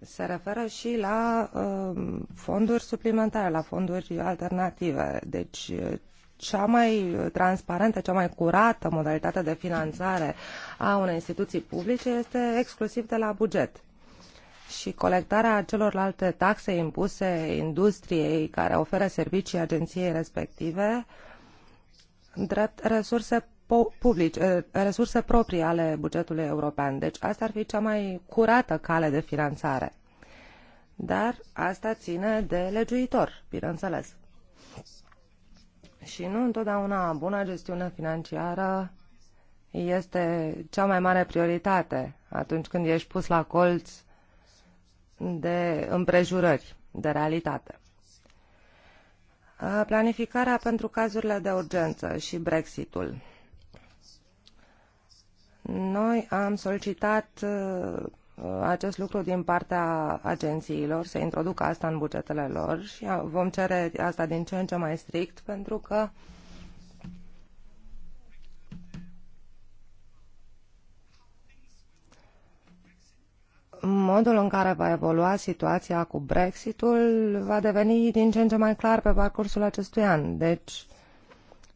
Se referă și la uh, fonduri suplimentare, la fonduri alternative. Deci uh, cea mai transparentă, cea mai curată modalitate de finanțare a unei instituții publice este exclusiv de la buget și colectarea celorlalte taxe impuse industriei care oferă servicii agenției respective uh, drept resurse eh, resurse proprii ale bugetului european. Deci asta ar fi cea mai curată cale de finanțare. Dar asta ține de legiuitor, bineînțeles. Și nu întotdeauna bună gestiune financiară este cea mai mare prioritate atunci când ești pus la colț de împrejurări, de realitate. Planificarea pentru cazurile de urgență și Brexitul. Noi am solicitat uh, acest lucru din partea agențiilor, să introducă asta în bugetele lor și vom cere asta din ce în ce mai strict, pentru că uh, modul în care va evolua situația cu Brexitul va deveni din ce în ce mai clar pe parcursul acestui an. Deci,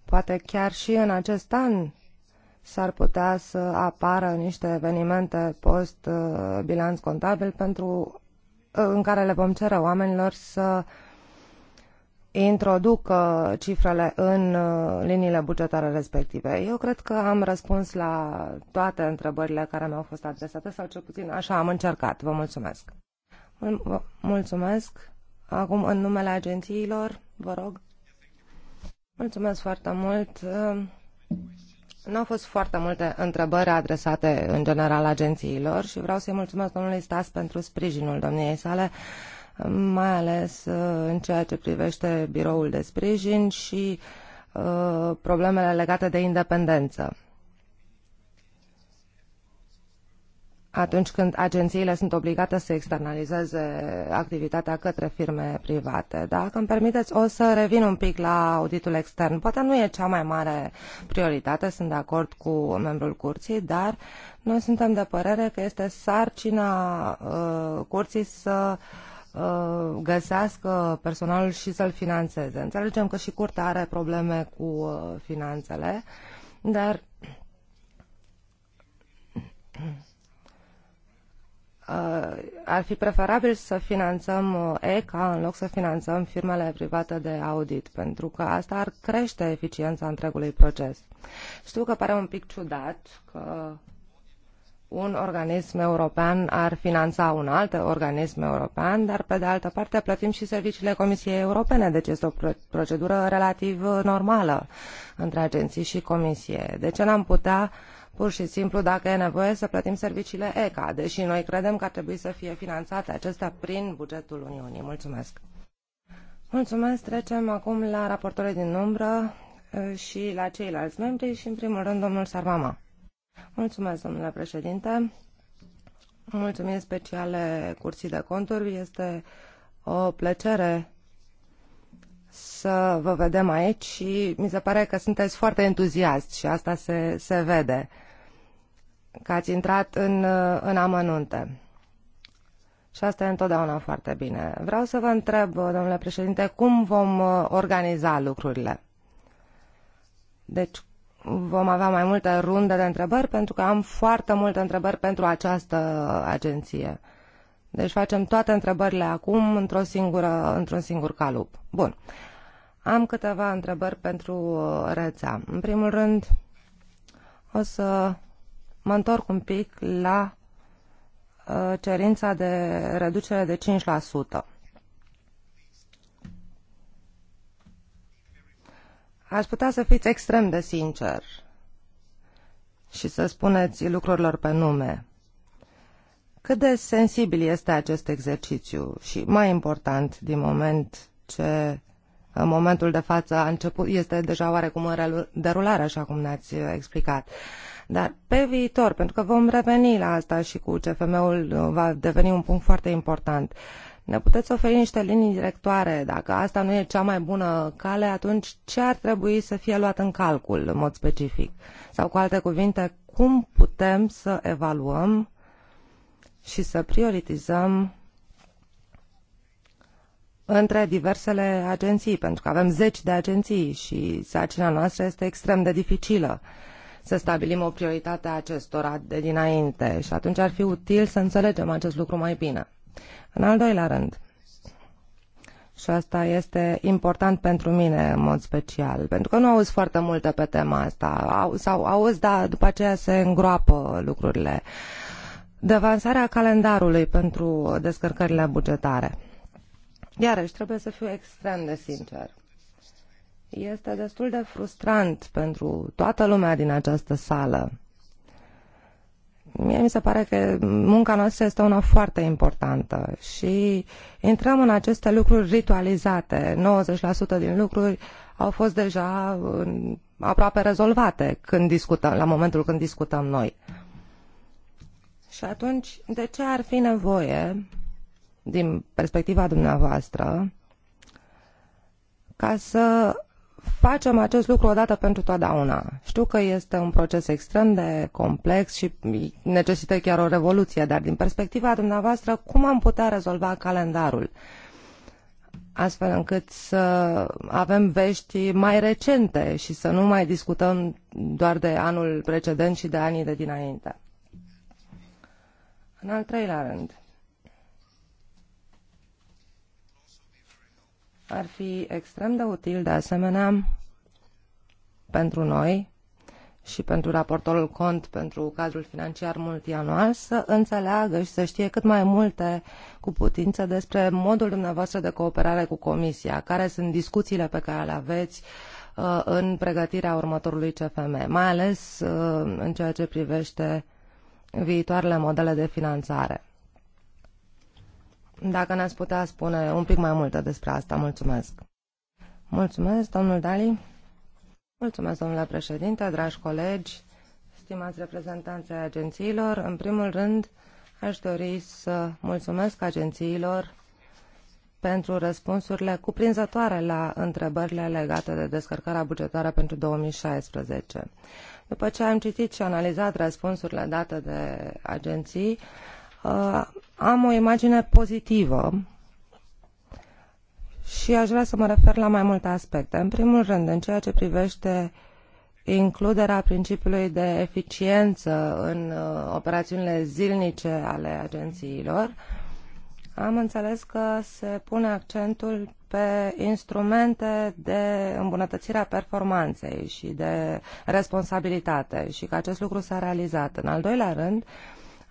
poate chiar și în acest an s-ar putea să apară niște evenimente post-bilanț uh, contabil pentru, uh, în care le vom cere oamenilor să uh, Introduc uh, cifrele în uh, liniile bugetare respective. Eu cred că am răspuns la toate întrebările care mi-au fost adresate, sau cel puțin așa am încercat. Vă mulțumesc. Mulțumesc. Acum, în numele agențiilor, vă rog. Mulțumesc foarte mult. Uh, nu au fost foarte multe întrebări adresate în general agențiilor și vreau să-i mulțumesc domnului Stas pentru sprijinul domniei sale mai ales uh, în ceea ce privește biroul de sprijin și uh, problemele legate de independență. atunci când agențiile sunt obligate să externalizeze activitatea către firme private. Dacă îmi permiteți, o să revin un pic la auditul extern. Poate nu e cea mai mare prioritate, sunt de acord cu membrul curții, dar noi suntem de părere că este sarcina uh, curții să uh, Uh, găsească personal și să-l financeze. Înțelegem că și curtea are probleme cu uh, finanțele, dar uh, ar fi preferabil să finanțăm ECA în loc să finanțăm firmele private de audit, pentru că asta ar crește eficiența întregului proces. Știu că pare un pic ciudat că un organism european ar finanța un alt organism european, dar pe de altă parte plătim și serviciile Comisiei Europene, deci este o procedură relativ normală între agenții și comisie. De ce n-am putea pur și simplu, dacă e nevoie, să plătim serviciile ECA, deși noi credem că ar trebui să fie finanțate acestea prin bugetul Uniunii. Mulțumesc! Mulțumesc! Trecem acum la raportorii din umbră eh, și la ceilalți membri și, în primul rând, domnul Sarvama. Mulțumesc, domnule președinte. Mulțumiri speciale Curții de Conturi. Este o plăcere să vă vedem aici și mi se pare că sunteți foarte entuziasti și asta se, se vede, că ați intrat în, în amănunte. Și asta e întotdeauna foarte bine. Vreau să vă întreb, domnule președinte, cum vom uh, organiza lucrurile? Deci, vom avea mai multe runde de întrebări pentru că am foarte multe întrebări pentru această agenție. Deci facem toate întrebările acum într-o singură, într-un singur calup. Bun. Am câteva întrebări pentru uh, rețea. În primul rând, o să mă întorc un pic la uh, cerința de reducere de 5%. Aș putea să fiți extrem de sincer și să spuneți lucrurilor pe nume. Cât de sensibil este acest exercițiu și, mai important, din moment ce în momentul de față a început, este deja oarecum în derulare, așa cum ne-ați explicat. Dar pe viitor, pentru că vom reveni la asta și cu CFM-ul va deveni un punct foarte important, uh, ne puteți oferi niște linii directoare. Dacă asta nu e cea mai bună cale, atunci ce ar trebui să fie luat în calcul în mod specific? Sau cu alte cuvinte, cum putem să evaluăm și să prioritizăm între diversele agenții, pentru că avem zeci de agenții și sarcina noastră este extrem de dificilă să stabilim o prioritate a acestora de dinainte și atunci ar fi util să înțelegem acest lucru mai bine. În al doilea rând, și asta este important pentru mine în mod special, pentru că nu auzi foarte multe pe tema asta, Au, sau auzi, dar după aceea se îngroapă lucrurile. Devansarea calendarului pentru descărcările bugetare. Iarăși, trebuie să fiu extrem de sincer. Este destul de frustrant pentru toată lumea din această sală Mie mi se pare că munca noastră este una foarte importantă și intrăm în aceste lucruri ritualizate. 90% din lucruri au fost deja aproape rezolvate când discutăm, la momentul când discutăm noi. Și atunci, de ce ar fi nevoie, din perspectiva dumneavoastră, ca să facem acest lucru odată pentru totdeauna. Știu că este un proces extrem de complex și necesită chiar o revoluție, dar din perspectiva dumneavoastră, cum am putea rezolva calendarul? astfel încât să avem vești mai recente și să nu mai discutăm doar de anul precedent și de anii de dinainte. În al treilea rând, Ar fi extrem de util, de asemenea, pentru noi și pentru raportorul cont pentru cadrul financiar multianual să înțeleagă și să știe cât mai multe cu putință despre modul dumneavoastră de cooperare cu Comisia, care sunt discuțiile pe care le aveți uh, în pregătirea următorului CFM, mai ales uh, în ceea ce privește viitoarele modele de finanțare. Dacă ne-ați putea spune un pic mai multe despre asta, mulțumesc. Mulțumesc, domnul Dali. Mulțumesc, domnule președinte, dragi colegi, stimați reprezentanți ai agențiilor. În primul rând, aș dori să mulțumesc agențiilor pentru răspunsurile cuprinzătoare la întrebările legate de descărcarea bugetară pentru 2016. După ce am citit și analizat răspunsurile date de agenții, uh, am o imagine pozitivă și aș vrea să mă refer la mai multe aspecte. În primul rând, în ceea ce privește includerea principiului de eficiență în uh, operațiunile zilnice ale agențiilor, am înțeles că se pune accentul pe instrumente de îmbunătățire a performanței și de responsabilitate și că acest lucru s-a realizat. În al doilea rând, uh,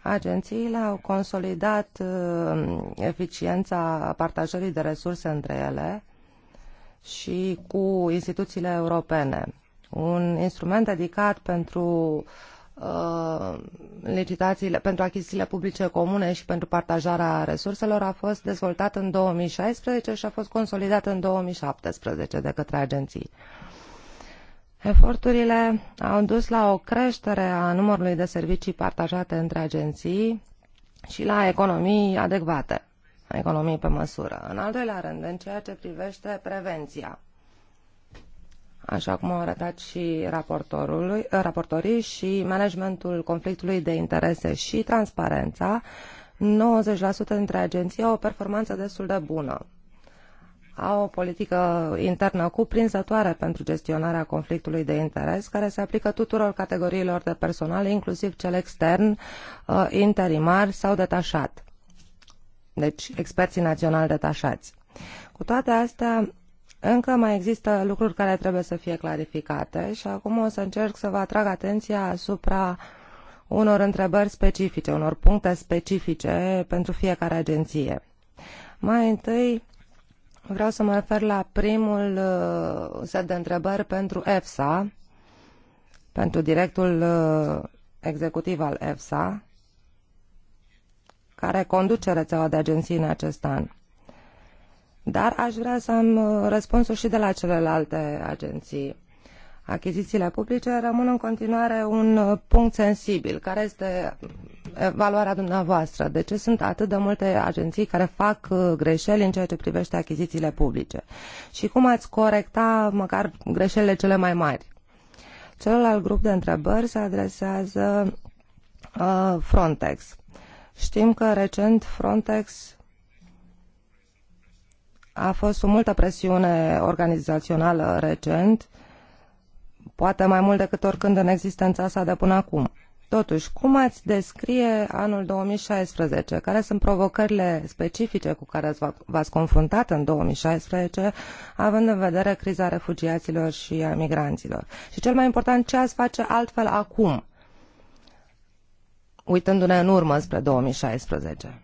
Agențiile au consolidat uh, eficiența partajării de resurse între ele și cu instituțiile europene. Un instrument dedicat pentru uh, licitațiile pentru achizițiile publice comune și pentru partajarea resurselor a fost dezvoltat în 2016 și a fost consolidat în 2017 de către agenții. Uh, Eforturile au dus la o creștere a numărului de servicii partajate între agenții și la economii adecvate, economii pe măsură. În al doilea rând, în ceea ce privește prevenția, așa cum au arătat și raportorii și managementul conflictului de interese și transparența, 90% dintre agenții au o performanță destul de bună au o politică internă cuprinzătoare pentru gestionarea conflictului de interes, care se aplică tuturor categoriilor de personal, inclusiv cel extern, uh, interimar sau detașat. Deci, experții național detașați. Cu toate astea, încă mai există lucruri care trebuie să fie clarificate și acum o să încerc să vă atrag atenția asupra unor întrebări specifice, unor puncte specifice pentru fiecare agenție. Mai întâi, Vreau să mă refer la primul uh, set de întrebări pentru EFSA, pentru directul uh, executiv al EFSA, care conduce rețeaua de agenții în acest an. Dar aș vrea să am uh, răspunsul și de la celelalte agenții achizițiile publice rămân în continuare un uh, punct sensibil. Care este uh, evaluarea dumneavoastră? De ce sunt atât de multe agenții care fac uh, greșeli în ceea ce privește achizițiile publice? Și cum ați corecta măcar greșelile cele mai mari? Celălalt grup de întrebări se adresează uh, Frontex. Știm că recent Frontex a fost o multă presiune organizațională recent poate mai mult decât oricând în existența sa de până acum. Totuși, cum ați descrie anul 2016? Care sunt provocările specifice cu care v-ați confruntat în 2016, având în vedere criza refugiaților și a migranților? Și cel mai important, ce ați face altfel acum, uitându-ne în urmă spre 2016?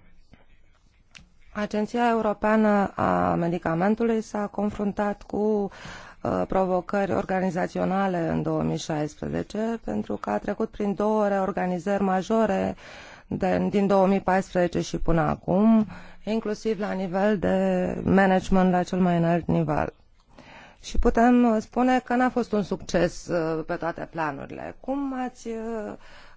Agenția Europeană a Medicamentului s-a confruntat cu Uh, provocări organizaționale în 2016, pentru că a trecut prin două reorganizări majore de, din 2014 și până acum, inclusiv la nivel de management la cel mai înalt nivel. Și putem uh, spune că n-a fost un succes uh, pe toate planurile. Cum ați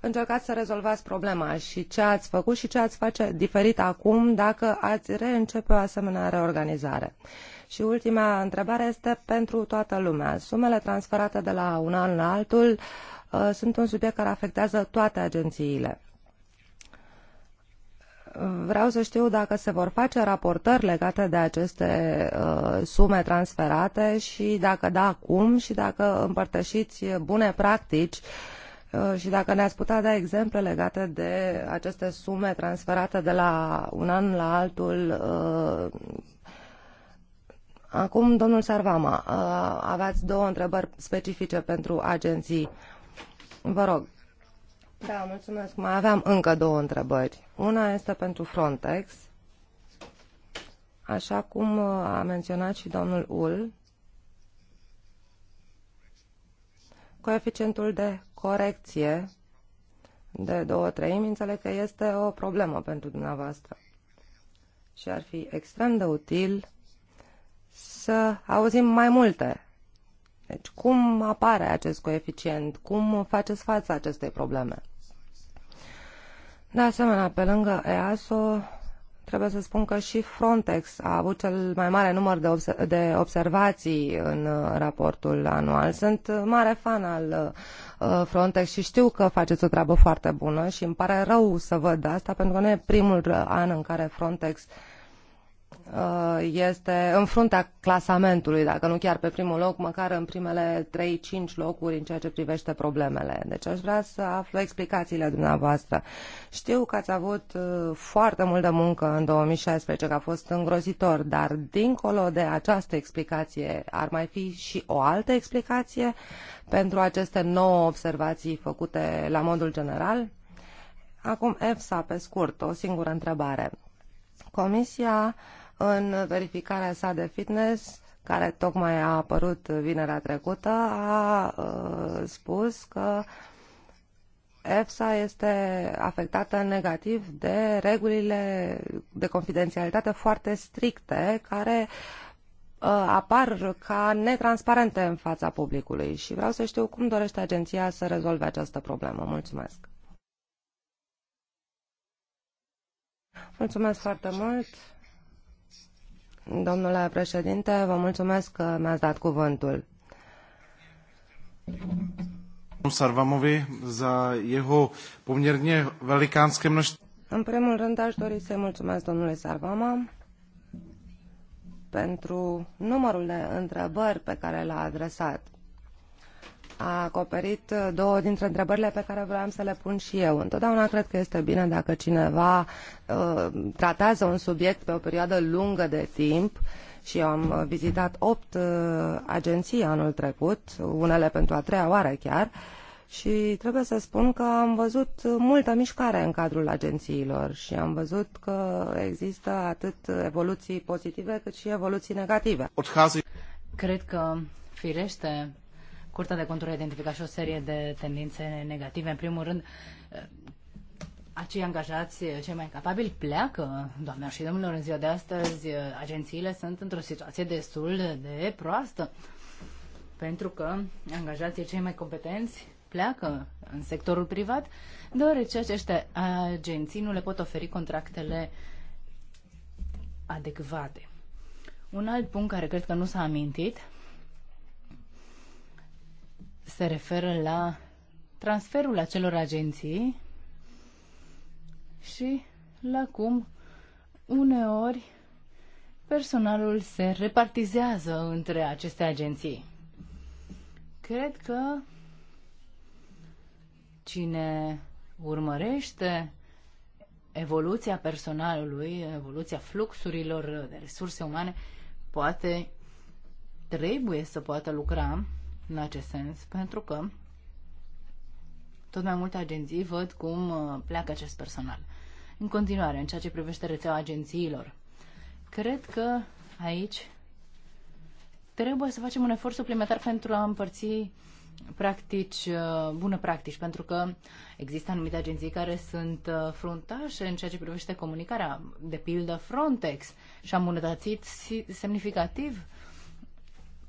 încercat să rezolvați problema și ce ați făcut și ce ați face diferit acum dacă ați reîncepe o asemenea reorganizare? Și ultima întrebare este pentru toată lumea. Sumele transferate de la un an la altul uh, sunt un subiect care afectează toate agențiile. Vreau să știu dacă se vor face raportări legate de aceste uh, sume transferate și dacă da, cum și dacă împărtășiți bune practici uh, și dacă ne-ați putea da exemple legate de aceste sume transferate de la un an la altul uh, Acum, domnul Sarvama, uh, aveați două întrebări specifice pentru agenții. Vă rog. Da, mulțumesc. Mai aveam încă două întrebări. Una este pentru Frontex. Așa cum uh, a menționat și domnul Ul, coeficientul de corecție de două treimi, înțeleg că este o problemă pentru dumneavoastră. Și ar fi extrem de util să auzim mai multe. Deci cum apare acest coeficient? Cum faceți față acestei probleme? De asemenea, pe lângă EASO, trebuie să spun că și Frontex a avut cel mai mare număr de, obse- de observații în uh, raportul anual. Sunt mare fan al uh, Frontex și știu că faceți o treabă foarte bună și îmi pare rău să văd asta pentru că nu e primul an în care Frontex uh, Uh, este în fruntea clasamentului, dacă nu chiar pe primul loc, măcar în primele 3-5 locuri în ceea ce privește problemele. Deci aș vrea să aflu explicațiile dumneavoastră. Știu că ați avut uh, foarte multă muncă în 2016, că a fost îngrozitor, dar dincolo de această explicație, ar mai fi și o altă explicație pentru aceste nouă observații făcute la modul general? Acum EFSA, pe scurt, o singură întrebare Comisia, în verificarea sa de fitness, care tocmai a apărut vinerea trecută, a uh, spus că EFSA este afectată negativ de regulile de confidențialitate foarte stricte care uh, apar ca netransparente în fața publicului și vreau să știu cum dorește agenția să rezolve această problemă. Mulțumesc! Mulțumesc foarte mult. Domnule președinte, vă mulțumesc că mi-ați dat cuvântul. Sarvamovi za jeho poměrně velikánské množství. În primul rând aș dori să-i mulțumesc domnului Sarvama pentru numărul de întrebări pe care le-a adresat a acoperit uh, două dintre întrebările pe care vreau să le pun și eu. Întotdeauna cred că este bine dacă cineva uh, tratează un subiect pe o perioadă lungă de timp și eu am uh, vizitat opt uh, agenții anul trecut, unele pentru a treia oară chiar, și trebuie să spun că am văzut uh, multă mișcare în cadrul agențiilor și am văzut că există atât evoluții pozitive cât și evoluții negative. Cred că, firește, Curtea de conturi a identificat și o serie de tendințe negative. În primul rând, acei angajați cei mai capabili pleacă, doamnelor și domnilor, în ziua de astăzi agențiile sunt într-o situație destul de proastă, pentru că angajații cei mai competenți pleacă în sectorul privat, deoarece aceste agenții nu le pot oferi contractele adecvate. Un alt punct care cred că nu s-a amintit se referă la transferul acelor agenții și la cum uneori personalul se repartizează între aceste agenții. Cred că cine urmărește evoluția personalului, evoluția fluxurilor de resurse umane, poate, trebuie să poată lucra în acest sens, pentru că tot mai multe agenții văd cum uh, pleacă acest personal. În continuare, în ceea ce privește rețeaua agențiilor, cred că aici trebuie să facem un efort suplimentar pentru a împărți practici, uh, bune practici, pentru că există anumite agenții care sunt uh, fruntașe în ceea ce privește comunicarea, de pildă Frontex, și am îmbunătățit semnificativ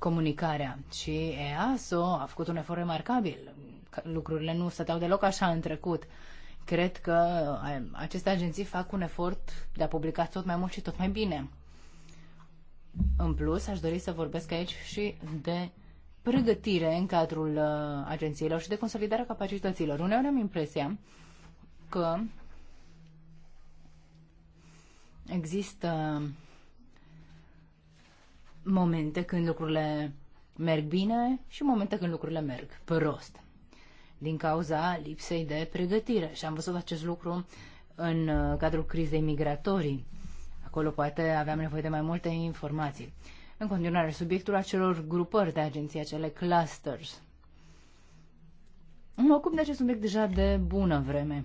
comunicarea și EASO a făcut un efort remarcabil. Lucrurile nu stăteau deloc așa în trecut. Cred că aceste agenții fac un efort de a publica tot mai mult și tot mai bine. În plus, aș dori să vorbesc aici și de pregătire în cadrul uh, agențiilor și de consolidarea capacităților. Uneori am impresia că există momente când lucrurile merg bine și momente când lucrurile merg prost. Din cauza lipsei de pregătire. Și am văzut acest lucru în uh, cadrul crizei migratorii. Acolo poate aveam nevoie de mai multe informații. În continuare, subiectul acelor grupări de agenții, acele clusters. Mă ocup de acest subiect deja de bună vreme.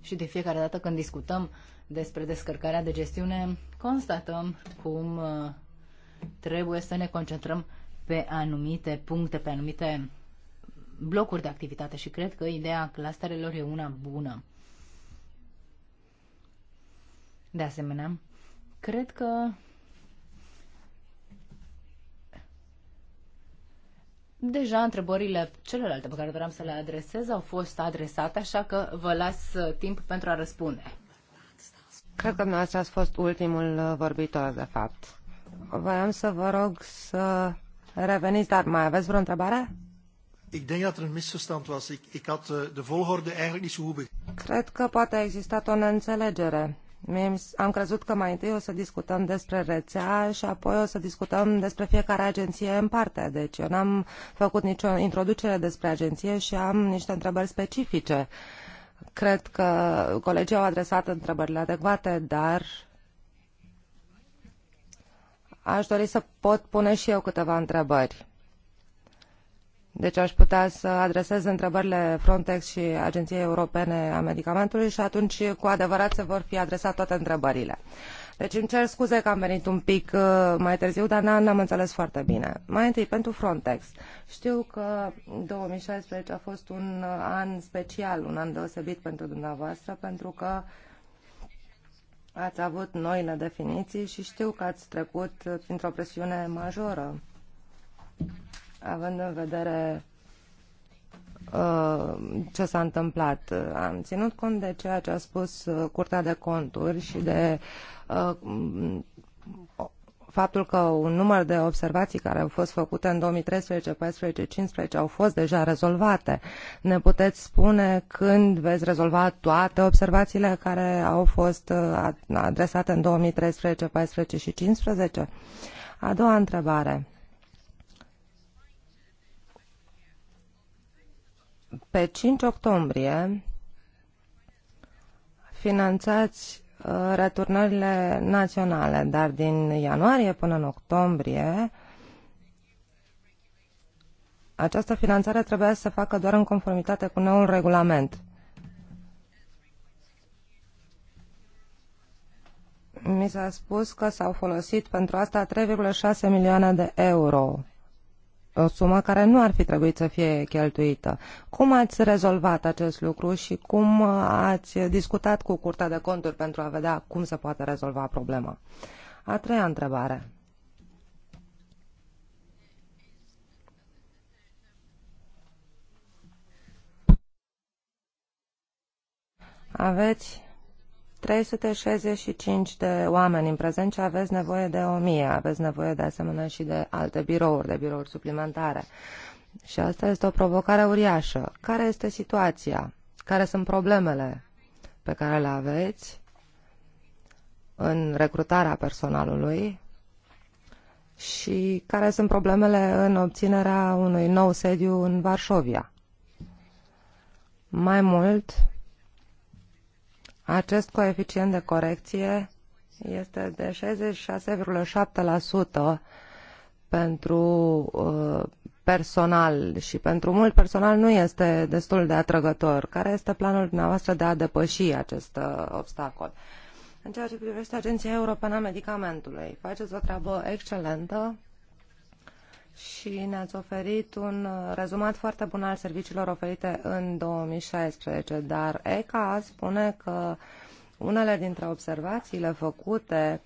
Și de fiecare dată când discutăm despre descărcarea de gestiune, constatăm cum uh, trebuie să ne concentrăm pe anumite puncte, pe anumite blocuri de activitate și cred că ideea clusterelor e una bună. De asemenea, cred că Deja întrebările celelalte pe care doream să le adresez au fost adresate, așa că vă las uh, timp pentru a răspunde. Cred că dumneavoastră ați fost ultimul uh, vorbitor, de fapt. Voiam să vă rog să reveniți, dar mai aveți vreo întrebare? Ik denk dat er een misverstand was. Ik, ik had eh, de volgorde eigenlijk niet zo goed begrepen. Cred că poate a existat o neînțelegere. Am crezut că mai întâi o să discutăm despre rețea și apoi o să discutăm despre fiecare agenție în parte. Deci eu n-am făcut nicio introducere despre agenție și am niște întrebări specifice. Uh, Cred că colegii au adresat întrebările adecvate, dar aș dori să pot pune și eu câteva întrebări. Deci aș putea să adresez întrebările Frontex și Agenției Europene a Medicamentului și atunci cu adevărat se vor fi adresat toate întrebările. Uh, deci îmi cer scuze că am venit un pic uh, mai târziu, dar n-am înțeles foarte bine. Mai întâi, pentru Frontex. Știu că 2016 a fost un uh, an special, un an deosebit pentru dumneavoastră, pentru că ați avut noile definiții și știu că ați trecut uh, printr-o presiune majoră, având în vedere ce s-a întâmplat. Am ținut cont de ceea ce a spus Curtea de Conturi și de uh, Uh, faptul că un număr de observații care au fost făcute în 2013, 14, 15 au fost deja rezolvate. Ne puteți spune când veți rezolva toate observațiile care au fost uh, adresate în 2013, 14 și 15? A doua întrebare. Pe 5 octombrie finanțați Uh, returnările naționale, dar din ianuarie până în octombrie această finanțare trebuia să se facă doar în conformitate cu noul regulament. Mi s-a spus că s-au folosit pentru asta 3,6 milioane de euro o sumă care nu ar fi trebuit să fie cheltuită. Cum ați rezolvat acest lucru și cum ați discutat cu Curtea de Conturi pentru a vedea cum se poate rezolva problema? A treia întrebare. Aveți 365 de oameni în prezent și aveți nevoie de 1000, aveți nevoie de asemenea și de alte birouri, de birouri suplimentare. Și asta este o provocare uriașă. Care este situația? Care sunt problemele pe care le aveți în recrutarea personalului? Și care sunt problemele în obținerea unui nou sediu în Varșovia? Mai mult, acest coeficient de corecție este de 66,7% pentru uh, personal și pentru mult personal nu este destul de atrăgător. Care este planul dumneavoastră de a depăși acest uh, obstacol? În ceea ce privește Agenția Europeană a Medicamentului, faceți o treabă excelentă și ne-ați oferit un uh, rezumat foarte bun al serviciilor oferite în 2016, dar ECA spune că unele dintre observațiile făcute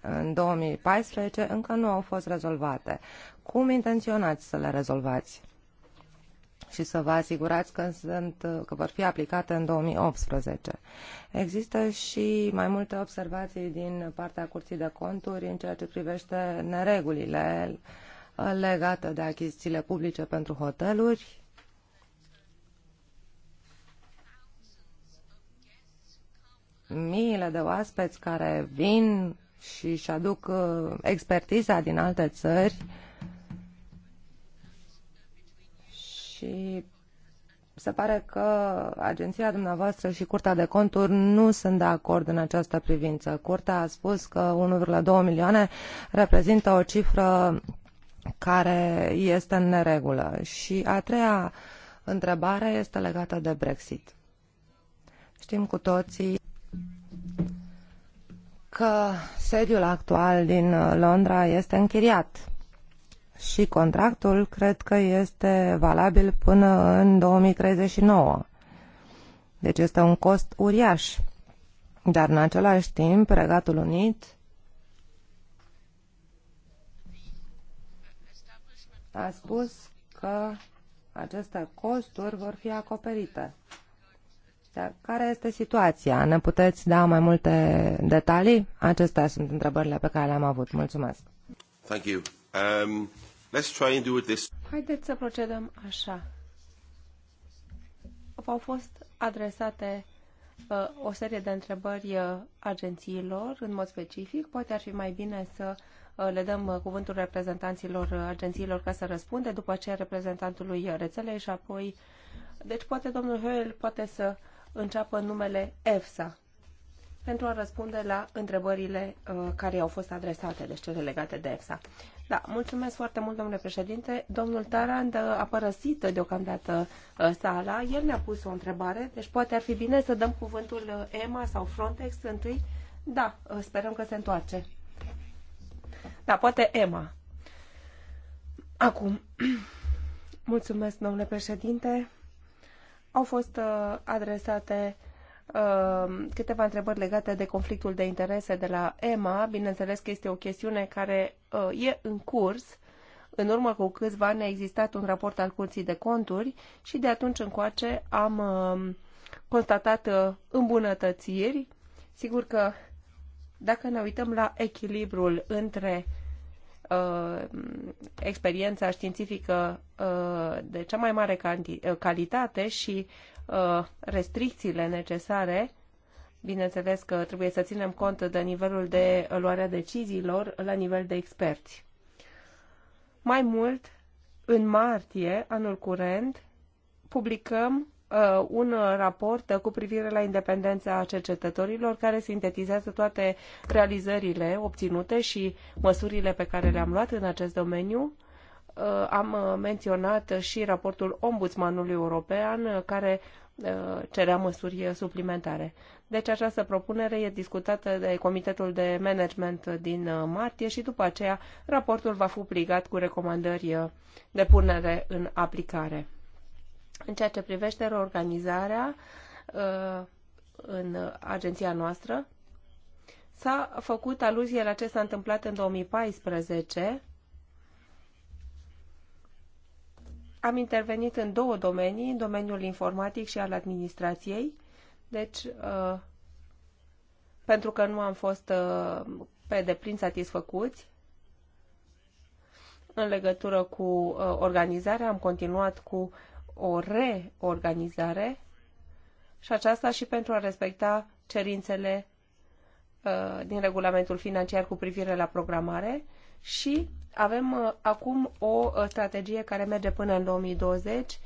în 2014 încă nu au fost rezolvate. Cum intenționați să le rezolvați? și să vă asigurați că, sunt, uh, că vor fi aplicate în 2018. Există și mai multe observații din partea Curții de Conturi în ceea ce privește neregulile legată de achizițiile publice pentru hoteluri. Miile de oaspeți care vin și își aduc uh, expertiza din alte țări și se pare că agenția dumneavoastră și Curtea de Conturi nu sunt de acord în această privință. Curtea a spus că 1,2 milioane reprezintă o cifră care este în neregulă. Și a treia întrebare este legată de Brexit. Știm cu toții că sediul actual din Londra este închiriat și contractul cred că este valabil până în 2039. Deci este un cost uriaș. Dar în același timp, Regatul Unit a spus că aceste costuri vor fi acoperite. Dar care este situația? Ne puteți da mai multe detalii? Acestea sunt întrebările pe care le-am avut. Mulțumesc. Thank you. Um, let's try and do it this. Haideți să procedăm așa. V-au fost adresate uh, o serie de întrebări uh, agențiilor, în mod specific. Poate ar fi mai bine să uh, Uh, le dăm uh, cuvântul reprezentanților uh, agențiilor ca să răspunde, după aceea reprezentantului rețelei și apoi... Deci poate domnul Hoel poate să înceapă numele EFSA pentru a răspunde la întrebările care au fost adresate, deci cele legate de EFSA. Da, mulțumesc foarte mult, domnule președinte. Domnul Tarand a părăsit deocamdată sala. El ne-a pus o întrebare, deci poate ar fi bine să dăm cuvântul EMA sau Frontex întâi. Da, sperăm că se întoarce. Da, poate Emma. Acum, <clears throat> mulțumesc, domnule președinte. Au fost uh, adresate uh, câteva întrebări legate de conflictul de interese de la Emma. Bineînțeles că este o chestiune care uh, e în curs. În urmă cu câțiva ani a existat un raport al Curții de Conturi și de atunci încoace am uh, constatat uh, îmbunătățiri. Sigur că dacă ne uităm la echilibrul între uh, experiența științifică uh, de cea mai mare uh, calitate și uh, restricțiile necesare, bineînțeles că trebuie să ținem cont de nivelul de luarea deciziilor la nivel de experți. Mai mult, în martie, anul curent, publicăm Uh, un raport cu privire la independența cercetătorilor care sintetizează toate realizările obținute și măsurile pe care le-am luat în acest domeniu. Uh, am menționat și raportul Ombudsmanului European uh, care cerea măsuri suplimentare. Deci această propunere e discutată de Comitetul de Management din martie și după aceea raportul va fi obligat cu recomandări de punere în aplicare. În ceea ce privește reorganizarea uh, în agenția noastră, s-a făcut aluzie la ce s-a întâmplat în 2014. Am intervenit în două domenii, în domeniul informatic și al administrației, deci uh, pentru că nu am fost uh, pe deplin satisfăcuți în legătură cu organizarea, am continuat cu o reorganizare și aceasta și pentru a respecta cerințele uh, din regulamentul financiar cu privire la programare și avem uh, acum o uh, strategie care merge până în 2020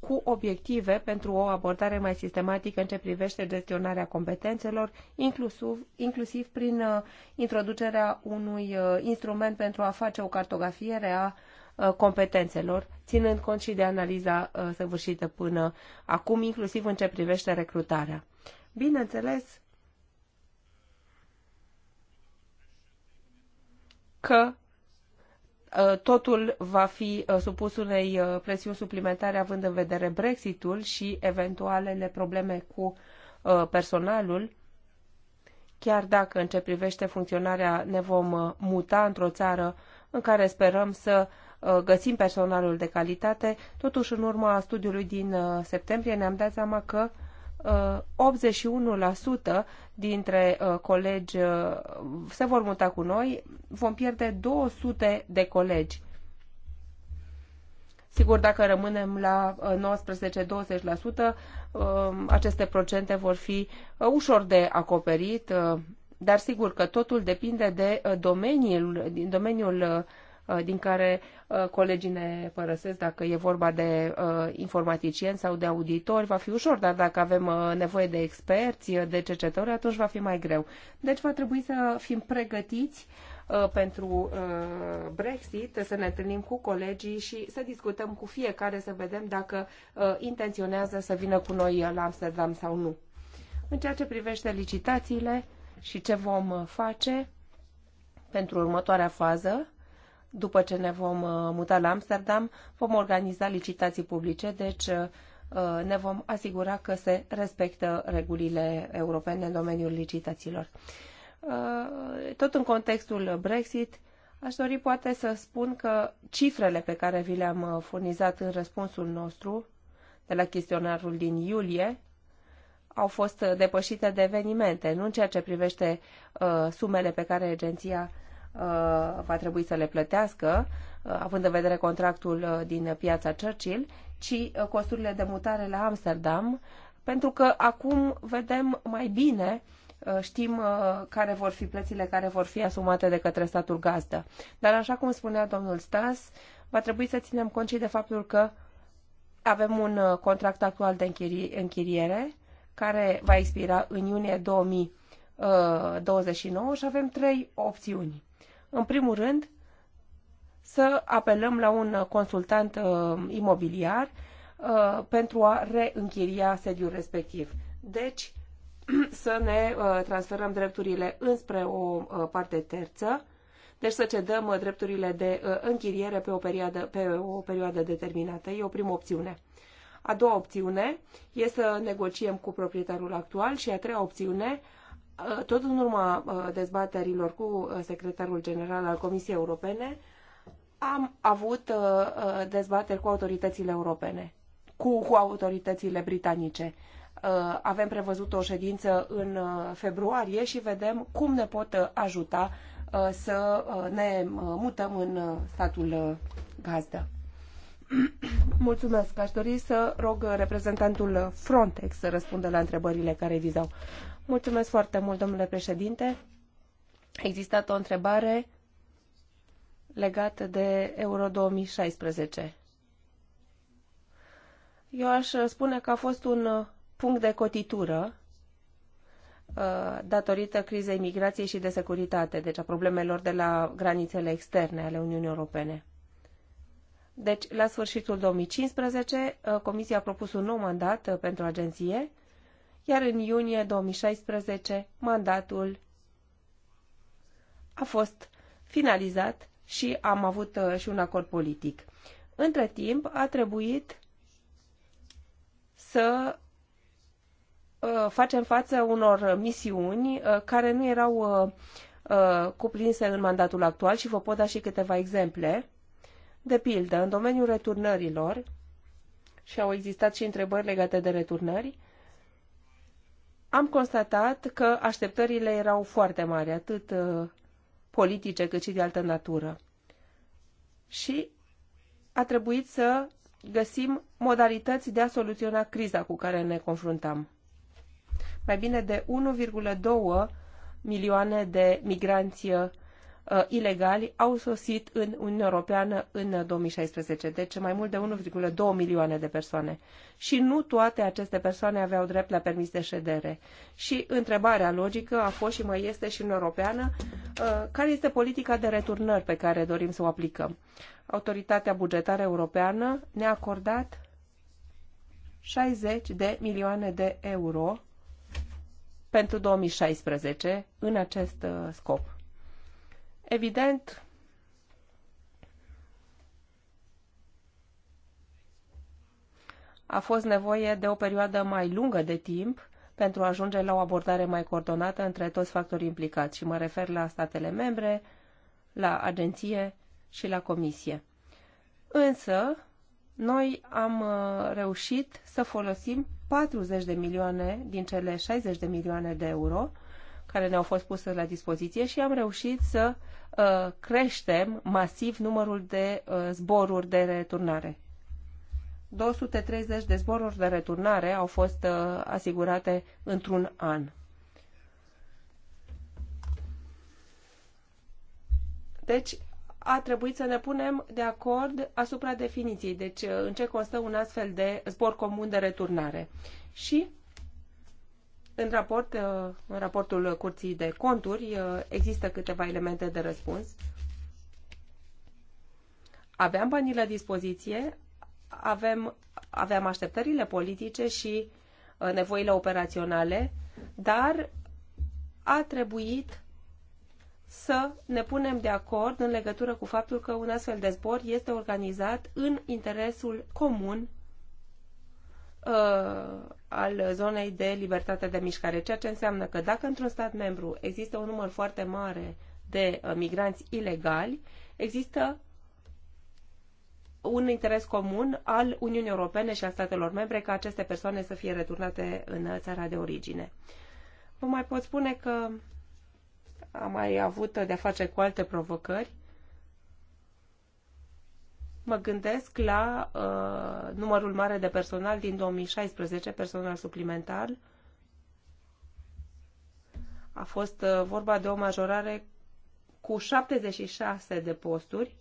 cu obiective pentru o abordare mai sistematică în ce privește gestionarea competențelor, inclusiv, inclusiv prin uh, introducerea unui uh, instrument pentru a face o cartografiere a Uh, competențelor, ținând cont și de analiza uh, săvârșită până acum, inclusiv în ce privește recrutarea. Bineînțeles că uh, totul va fi supus unei presiuni suplimentare având în vedere Brexitul și eventualele probleme cu personalul, chiar dacă în ce privește funcționarea ne vom muta într-o țară în care sperăm să Uh, găsim personalul de calitate. Totuși, în urma studiului din uh, septembrie, ne-am dat seama că 81% uh, dintre colegi se vor muta cu noi, vom pierde 200 de colegi. Sigur, dacă rămânem la 19-20%, aceste procente vor fi ușor de acoperit, dar sigur că totul depinde de domeniul, din domeniul Uh, din care uh, colegii ne părăsesc, dacă e vorba de uh, informaticieni sau de auditori, va fi ușor, dar dacă avem nevoie de experți, de cercetători, atunci va fi mai greu. Deci va trebui să fim pregătiți pentru Brexit, să ne întâlnim cu colegii și să discutăm cu fiecare să vedem dacă intenționează să vină cu noi la Amsterdam sau nu. În ceea ce privește licitațiile și ce vom face pentru următoarea fază, după ce ne vom uh, muta la Amsterdam, vom organiza licitații publice, deci uh, ne vom asigura că se respectă regulile europene în domeniul licitațiilor. Uh, tot în contextul Brexit, aș dori poate să spun că cifrele pe care vi le-am furnizat în răspunsul nostru de la chestionarul din iulie au fost depășite de evenimente, nu în ceea ce privește sumele pe care agenția Uh, va trebui să le plătească, uh, având în vedere contractul uh, din piața Churchill, ci costurile de mutare la Amsterdam, pentru că acum vedem mai bine știm care vor fi plățile care vor fi asumate de către statul gazdă. Dar așa cum spunea domnul Stas, va trebui să ținem cont și de faptul că avem un contract actual de închiriere care va expira în iunie 2029 și avem trei opțiuni. În primul rând, să apelăm la un consultant uh, imobiliar uh, pentru a reînchiria sediul respectiv. Deci, <clears throat> să ne uh, transferăm drepturile înspre o uh, parte terță, deci să cedăm uh, drepturile de uh, închiriere pe o, perioadă, pe o perioadă determinată. E o primă opțiune. A doua opțiune e să negociem cu proprietarul actual și a treia opțiune Uh, tot în urma uh, dezbaterilor cu uh, secretarul general al Comisiei Europene, am avut dezbateri cu autoritățile europene, cu, cu autoritățile britanice. Avem prevăzut o ședință în februarie și vedem cum ne pot ajuta să ne mutăm în statul gazdă. <clears throat> Mulțumesc. Aș dori să rog reprezentantul Frontex să răspundă la întrebările care vizau Mulțumesc foarte mult, domnule președinte. existat o întrebare legată de Euro 2016. Eu aș spune că a fost un punct de cotitură uh, datorită crizei migrației și de securitate, deci a problemelor de la granițele externe ale Uniunii Europene. Deci, la sfârșitul 2015, uh, Comisia a propus un nou mandat uh, pentru agenție iar în iunie 2016 mandatul a fost finalizat și am avut uh, și un acord politic. Între timp a trebuit să uh, facem față unor misiuni uh, care nu erau cuprinse în mandatul actual și vă pot da și câteva exemple. De pildă, în domeniul returnărilor, și au existat și întrebări legate de returnări, am constatat că așteptările erau foarte mari, atât uh, politice cât și de altă natură. Și a trebuit să găsim modalități de a soluționa criza cu care ne confruntam. Mai bine de 1,2 milioane de migranți uh, Uh, ilegali au sosit în Uniunea Europeană în 2016, uh, deci mai mult de 1,2 milioane de persoane. Și nu toate aceste persoane aveau drept la permis de ședere. Și întrebarea logică a fost și mai este și în Europeană, uh, care este politica de returnări pe care dorim să o aplicăm? Autoritatea bugetară europeană ne-a acordat 60 de milioane de euro pentru 2016 în acest scop. Evident, a fost nevoie de o perioadă mai lungă de timp pentru a ajunge la o abordare mai coordonată între toți factorii implicați și mă refer la statele membre, la agenție și la comisie. Însă, noi am uh, reușit să folosim 40 de milioane din cele 60 de milioane de euro care ne-au fost puse la dispoziție și am reușit să Uh, creștem masiv numărul de uh, zboruri de returnare. 230 de zboruri de returnare au fost uh, asigurate într-un an. Deci, a trebuit să ne punem de acord asupra definiției, deci în ce constă un astfel de zbor comun de returnare. Și în raport, uh, în raportul Curții de Conturi, uh, există câteva elemente de răspuns. Aveam banii la dispoziție, avem, aveam așteptările politice și uh, nevoile operaționale, dar a trebuit să ne punem de acord în legătură cu faptul că un astfel de zbor este organizat în interesul comun Uh, al zonei de libertate de mișcare, ceea ce înseamnă că dacă într-un stat membru există un număr foarte mare de uh, migranți ilegali, există un interes comun al Uniunii Europene și al statelor membre ca aceste persoane să fie returnate în țara de origine. Vă mai pot spune că am mai avut de-a face cu alte provocări mă gândesc la uh, numărul mare de personal din 2016, personal suplimentar. A fost uh, vorba de o majorare cu 76 de posturi,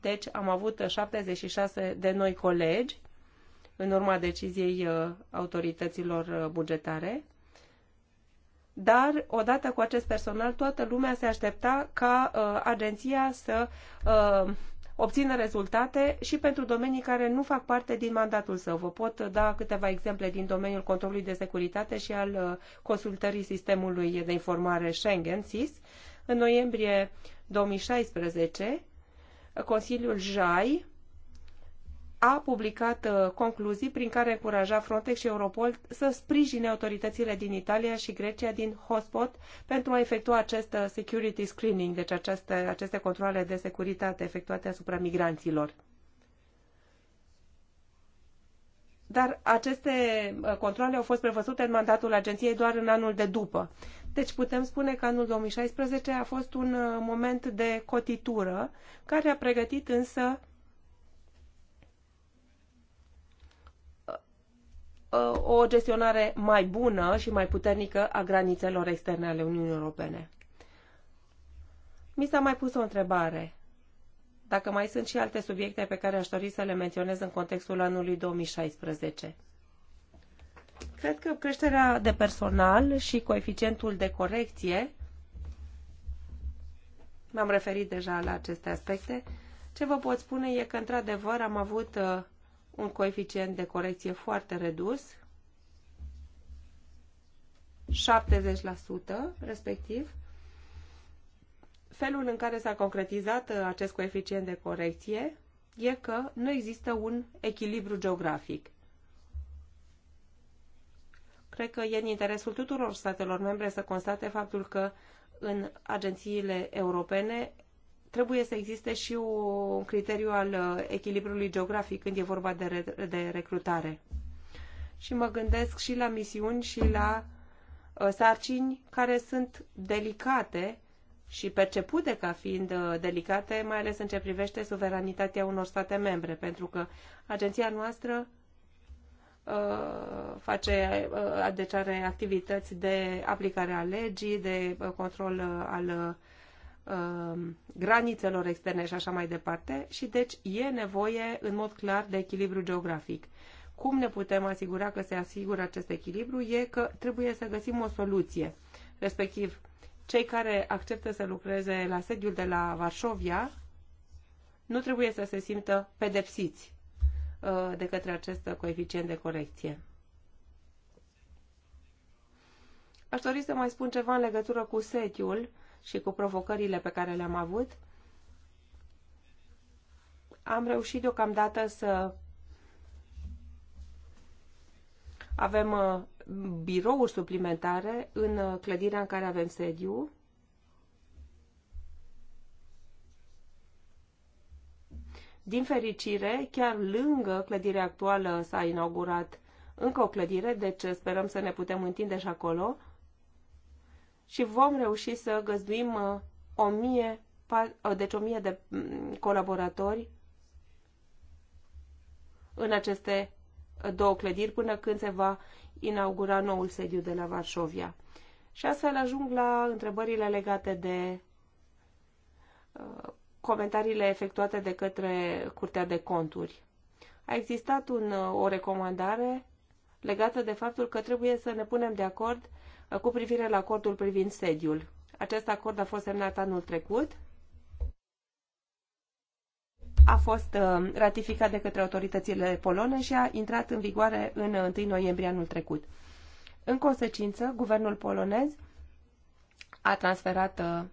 deci am avut 76 uh, de noi colegi în urma deciziei uh, autorităților uh, bugetare. Dar, odată cu acest personal, toată lumea se aștepta ca uh, agenția să uh, obțină rezultate și pentru domenii care nu fac parte din mandatul său. Vă pot da câteva exemple din domeniul controlului de securitate și al uh, consultării sistemului de informare Schengen, SIS. În noiembrie 2016, Consiliul JAI a publicat uh, concluzii prin care încuraja Frontex și Europol să sprijine autoritățile din Italia și Grecia din hotspot pentru a efectua acest uh, security screening, deci aceste, aceste controle de securitate efectuate asupra migranților. Dar aceste uh, controle au fost prevăzute în mandatul agenției doar în anul de după. Deci putem spune că anul 2016 a fost un moment de cotitură care a pregătit însă Uh, o gestionare mai bună și mai puternică a granițelor externe ale Uniunii Europene. Mi s-a mai pus o întrebare. Dacă mai sunt și alte subiecte pe care aș dori să le menționez în contextul anului 2016. Cred că creșterea de personal și coeficientul de corecție, m-am referit deja la aceste aspecte, ce vă pot spune e că, într-adevăr, am avut uh, un coeficient de corecție foarte redus, 70% respectiv. Felul în care s-a concretizat uh, acest coeficient de corecție e că nu există un echilibru geografic. Cred că e în interesul tuturor statelor membre să constate faptul că în agențiile europene trebuie să existe și un criteriu al uh, echilibrului geografic când e vorba de, re, de recrutare. Și mă gândesc și la misiuni și la uh, sarcini care sunt delicate și percepute ca fiind uh, delicate, mai ales în ce privește suveranitatea unor state membre, pentru că agenția noastră face, deci are activități de aplicare a legii, de control al Um, granițelor externe și așa mai departe și deci e nevoie în mod clar de echilibru geografic. Cum ne putem asigura că se asigură acest echilibru e că trebuie să găsim o soluție, respectiv cei care acceptă să lucreze la sediul de la Varșovia nu trebuie să se simtă pedepsiți uh, de către acest coeficient de corecție. Aș dori să mai spun ceva în legătură cu sediul și cu provocările pe care le-am avut, am reușit deocamdată să avem uh, birouri suplimentare în uh, clădirea în care avem sediu. Din fericire, chiar lângă clădirea actuală s-a inaugurat încă o clădire, deci sperăm să ne putem întinde și acolo și vom reuși să găzduim uh, mie, uh, deci mie de mm, colaboratori în aceste uh, două clădiri până când se va inaugura noul sediu de la Varșovia. Și astfel ajung la întrebările legate de comentariile efectuate de către Curtea de Conturi. A existat un, o recomandare legată de faptul că trebuie să ne punem de acord cu privire la acordul privind sediul. Acest acord a fost semnat anul trecut, a fost uh, ratificat de către autoritățile polone și a intrat în vigoare în 1 uh, noiembrie anul trecut. În consecință, guvernul polonez a transferat uh,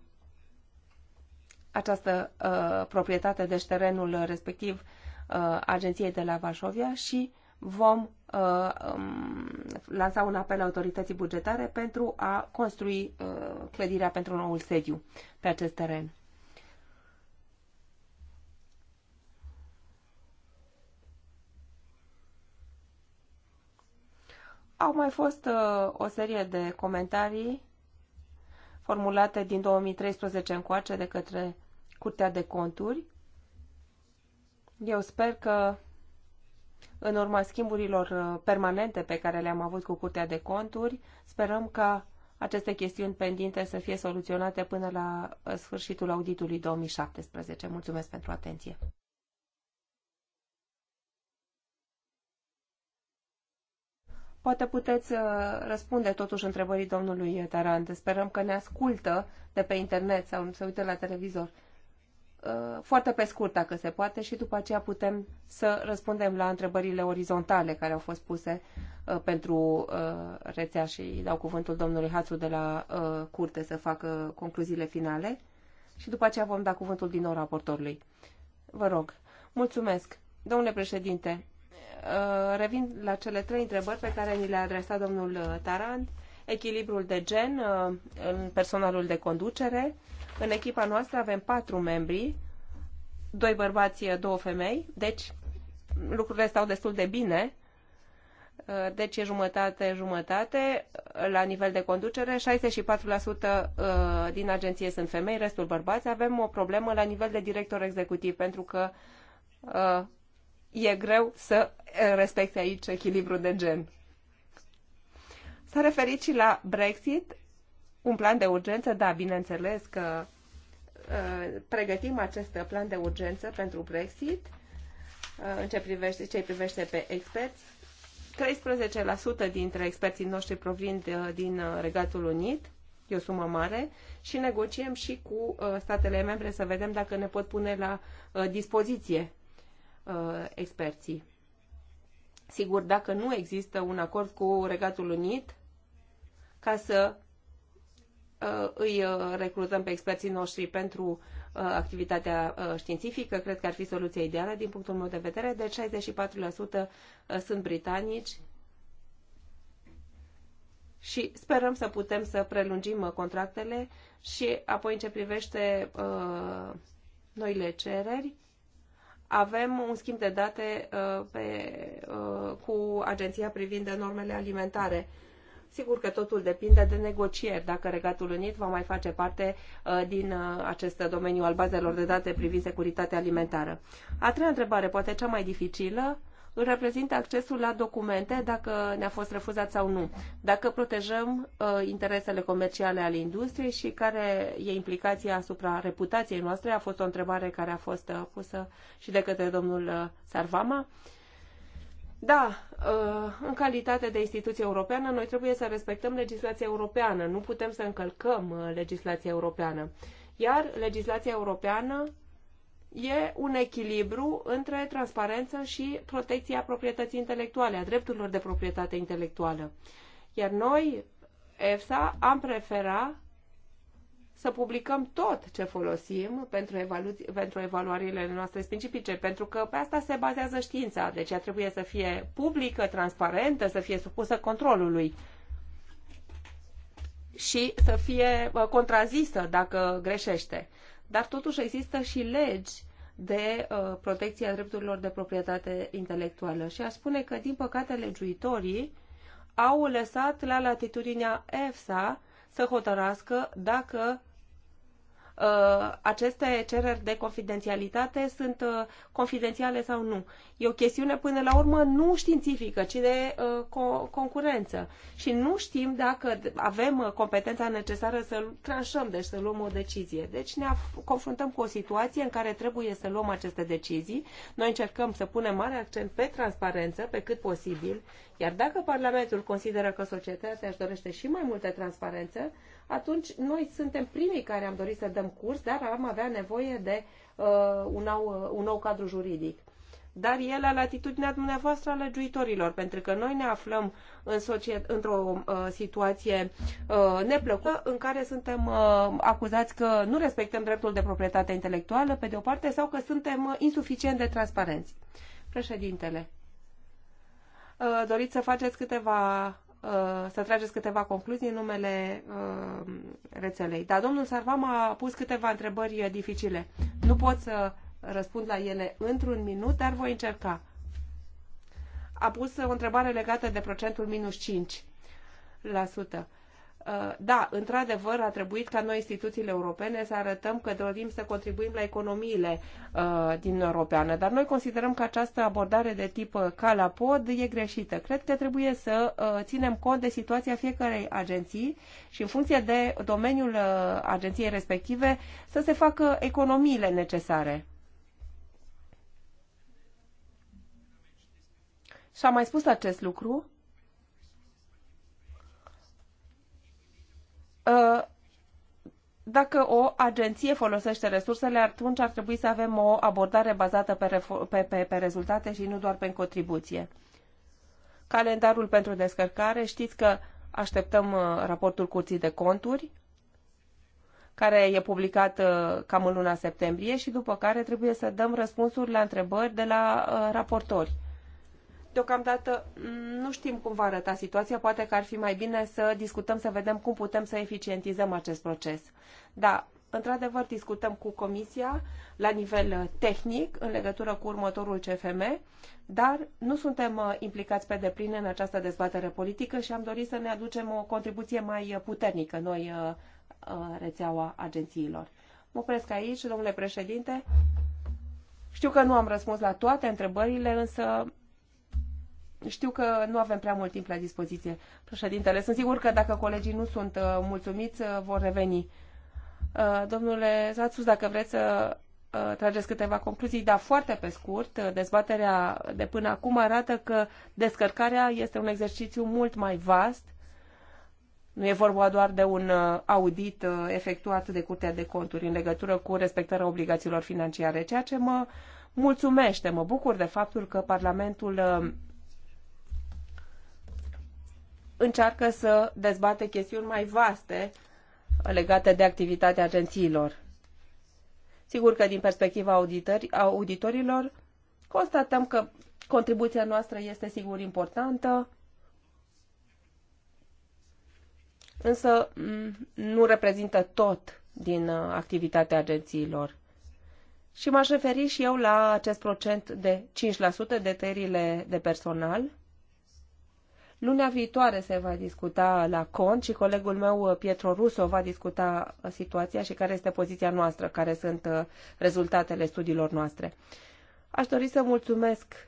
această proprietate, deci terenul respectiv, agenției de la Vașovia și uh, vom uh, um, lansa un apel autorității bugetare pentru a construi uh, clădirea pentru noul sediu pe acest teren. Au mai fost uh, o serie de comentarii formulate din 2013 încoace de către Curtea de Conturi. Eu sper că în urma schimburilor uh, permanente pe care le-am avut cu Curtea de Conturi, sperăm ca aceste chestiuni pendinte să fie soluționate până la uh, sfârșitul auditului 2017. Mulțumesc pentru atenție! Poate puteți uh, răspunde totuși întrebării domnului Tarand. Sperăm că ne ascultă de pe internet sau se uită la televizor. Uh, foarte pe scurt, dacă se poate, și după aceea putem să răspundem la întrebările orizontale care au fost puse uh, pentru uh, rețea și dau cuvântul domnului Hațu de la curte să facă concluziile finale și după aceea vom da cuvântul din nou raportorului. Vă rog. Mulțumesc. Domnule președinte, revin la cele trei întrebări pe care ni le-a adresat domnul Tarand. Echilibrul de gen în personalul de conducere, în echipa noastră avem patru membri, doi bărbați, două femei, deci lucrurile stau destul de bine. Uh, deci e jumătate, jumătate uh, la nivel de conducere, 64% uh, din agenție sunt femei, restul bărbați. Avem o problemă la nivel de director executiv pentru că e greu să respecte aici echilibru de gen. S-a referit și la Brexit. Un plan de urgență, da, bineînțeles că uh, pregătim acest plan de urgență pentru Brexit uh, în ce privește, ce privește pe experți. 13% dintre experții noștri provin de, din uh, Regatul Unit, e o sumă mare, și negociem și cu uh, statele membre să vedem dacă ne pot pune la uh, dispoziție uh, experții. Sigur, dacă nu există un acord cu Regatul Unit, ca să Uh, îi uh, recrutăm pe experții noștri pentru uh, activitatea științifică. Cred că ar fi soluția ideală din punctul meu de vedere. De deci, 64% sunt britanici și sperăm să putem să prelungim contractele și apoi în ce privește noile cereri avem un schimb de date pe, cu agenția privind normele alimentare. Sigur că totul depinde de negocieri, dacă Regatul Unit va mai face parte uh, din uh, acest domeniu al bazelor de date privind securitatea alimentară. A treia întrebare, poate cea mai dificilă, îl reprezintă accesul la documente dacă ne-a fost refuzat sau nu, dacă protejăm uh, interesele comerciale ale industriei și care e implicația asupra reputației noastre. A fost o întrebare care a fost uh, pusă și de către domnul uh, Sarvama. Uh, da, uh, în calitate de instituție europeană, noi trebuie să respectăm legislația europeană. Nu putem să încălcăm uh, legislația europeană. Iar legislația europeană e un echilibru între transparență și protecția proprietății intelectuale, a drepturilor de proprietate intelectuală. Iar noi, EFSA, am preferat să publicăm tot ce folosim pentru, evalu- pentru evaluările noastre specifice, pentru că pe asta se bazează știința. Deci ea trebuie să fie publică, transparentă, să fie supusă controlului și să fie uh, contrazisă dacă greșește. Dar totuși există și legi de uh, protecție a drepturilor de proprietate intelectuală și a spune că, din păcate, legiuitorii au lăsat la latitudinea EFSA să hotărască dacă Uh, aceste cereri de confidențialitate sunt uh, confidențiale sau nu. E o chestiune până la urmă nu științifică, ci de uh, concurență. Și nu știm dacă avem competența necesară să tranșăm, deci să luăm o decizie. Deci ne confruntăm cu o situație în care trebuie să luăm aceste decizii. Noi încercăm să punem mare accent pe transparență, pe cât posibil, iar dacă Parlamentul consideră că societatea își dorește și mai multă transparență, atunci noi suntem primii care am dorit să dăm curs, dar am avea nevoie de uh, un, nou, uh, un nou cadru juridic. Dar e la latitudinea dumneavoastră a legiuitorilor, pentru că noi ne aflăm în într-o uh, situație uh, neplăcută în care suntem uh, acuzați că nu respectăm dreptul de proprietate intelectuală, pe de o parte, sau că suntem uh, insuficient de transparenți. Președintele, uh, doriți să faceți câteva Uh, să trageți câteva concluzii în numele uh, rețelei. Dar domnul Sarvam a pus câteva întrebări uh, dificile. Nu pot să răspund la ele într-un minut, dar voi încerca. A pus o întrebare legată de procentul minus 5%. Uh, da, într-adevăr, a trebuit ca noi, instituțiile europene, să arătăm că dorim să contribuim la economiile uh, din Europeană, dar noi considerăm că această abordare de tip uh, calapod e greșită. Cred că trebuie să uh, ținem cont de situația fiecarei agenții și, în funcție de domeniul uh, agenției respective, să se facă economiile necesare. Și am mai spus acest lucru Uh, dacă o agenție folosește resursele, atunci ar trebui să avem o abordare bazată pe, pe, pe, pe rezultate și nu doar pe contribuție. Calendarul pentru descărcare, știți că așteptăm uh, raportul Curții de Conturi, care e publicat uh, cam în luna septembrie și după care trebuie să dăm răspunsuri la întrebări de la raportori. Deocamdată nu știm cum va arăta situația, poate că ar fi mai bine să discutăm, să vedem cum putem să eficientizăm acest proces. Da, într-adevăr discutăm cu Comisia la nivel uh, tehnic în legătură cu următorul CFM, dar nu suntem uh, implicați pe deplin în această dezbatere politică și am dorit să ne aducem o contribuție mai uh, puternică noi rețeaua agențiilor. Mă opresc aici, domnule președinte. Știu că nu am răspuns la toate întrebările, însă știu că nu avem prea mult timp la dispoziție, președintele. Sunt sigur că dacă colegii nu sunt uh, mulțumiți, uh, vor reveni. Uh, domnule Zațus, dacă vreți să trageți câteva concluzii, dar foarte pe scurt, dezbaterea de până acum arată că descărcarea este un exercițiu mult mai vast. Nu e vorba doar de un audit efectuat de Curtea de Conturi în legătură cu respectarea obligațiilor financiare, ceea ce mă mulțumește, mă bucur de faptul că Parlamentul încearcă să dezbate chestiuni mai vaste legate de activitatea agențiilor. Sigur că din perspectiva auditorilor constatăm că contribuția noastră este sigur importantă, însă nu reprezintă tot din uh, activitatea agențiilor. Și m-aș referi și eu la acest procent de 5% de tăierile de personal – Luna viitoare se va discuta la Con, și colegul meu, uh, Pietro Russo, va discuta uh, situația și care este poziția noastră, care sunt uh, rezultatele studiilor noastre. Aș dori să mulțumesc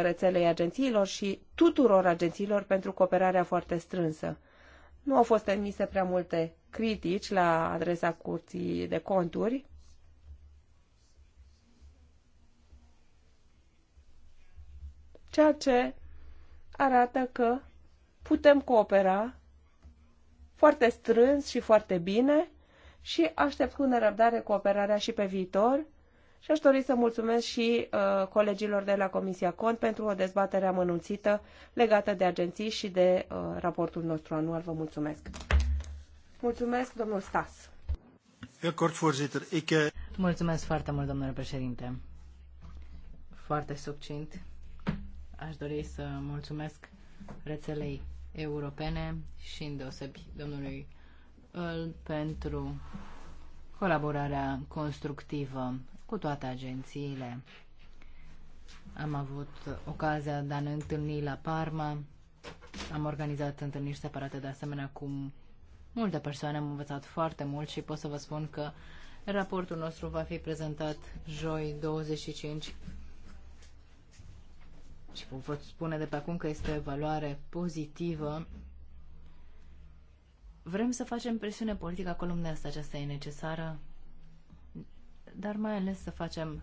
rețelei agențiilor și tuturor agențiilor pentru cooperarea foarte strânsă. Nu au fost emise prea multe critici la adresa curții de conturi. Ceea ce arată că putem coopera foarte strâns și foarte bine și aștept cu nerăbdare cooperarea și pe viitor. Și aș dori să mulțumesc și uh, colegilor de la Comisia Cont pentru o dezbatere amănunțită legată de agenții și de uh, raportul nostru anual. Vă mulțumesc. Mulțumesc, domnul Stas. Eh, mulțumesc foarte mult, domnule președinte. Foarte succint. Aș dori să mulțumesc rețelei europene și îndeosebi domnului Îl pentru colaborarea constructivă cu toate agențiile. Am avut ocazia de a ne întâlni la Parma. Am organizat întâlniri separate de asemenea cu multe persoane. Am învățat foarte mult și pot să vă spun că raportul nostru va fi prezentat joi 25 și vă spune de pe acum că este o evaluare pozitivă, vrem să facem presiune politică acolo unde asta aceasta e necesară, dar mai ales să facem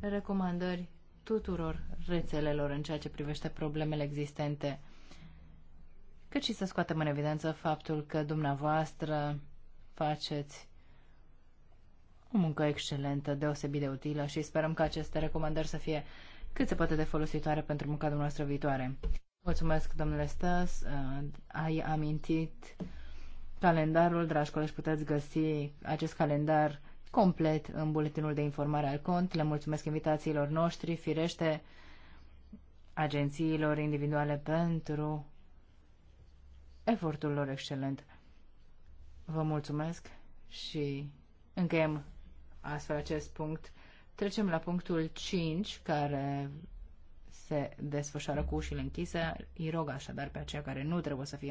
recomandări tuturor rețelelor în ceea ce privește problemele existente, cât și să scoatem în evidență faptul că dumneavoastră faceți o muncă excelentă, deosebit de utilă și sperăm că aceste recomandări să fie cât se poate de folositoare pentru munca dumneavoastră viitoare. Mulțumesc, domnule Stas. Uh, ai amintit calendarul, dragi colegi, puteți găsi acest calendar complet în buletinul de informare al cont. Le mulțumesc invitațiilor noștri, firește agențiilor individuale pentru efortul lor excelent. Vă mulțumesc și încheiem astfel acest punct Trecem la punctul 5, care se desfășoară cu ușile închise. Îi rog așadar pe aceia care nu trebuie să fie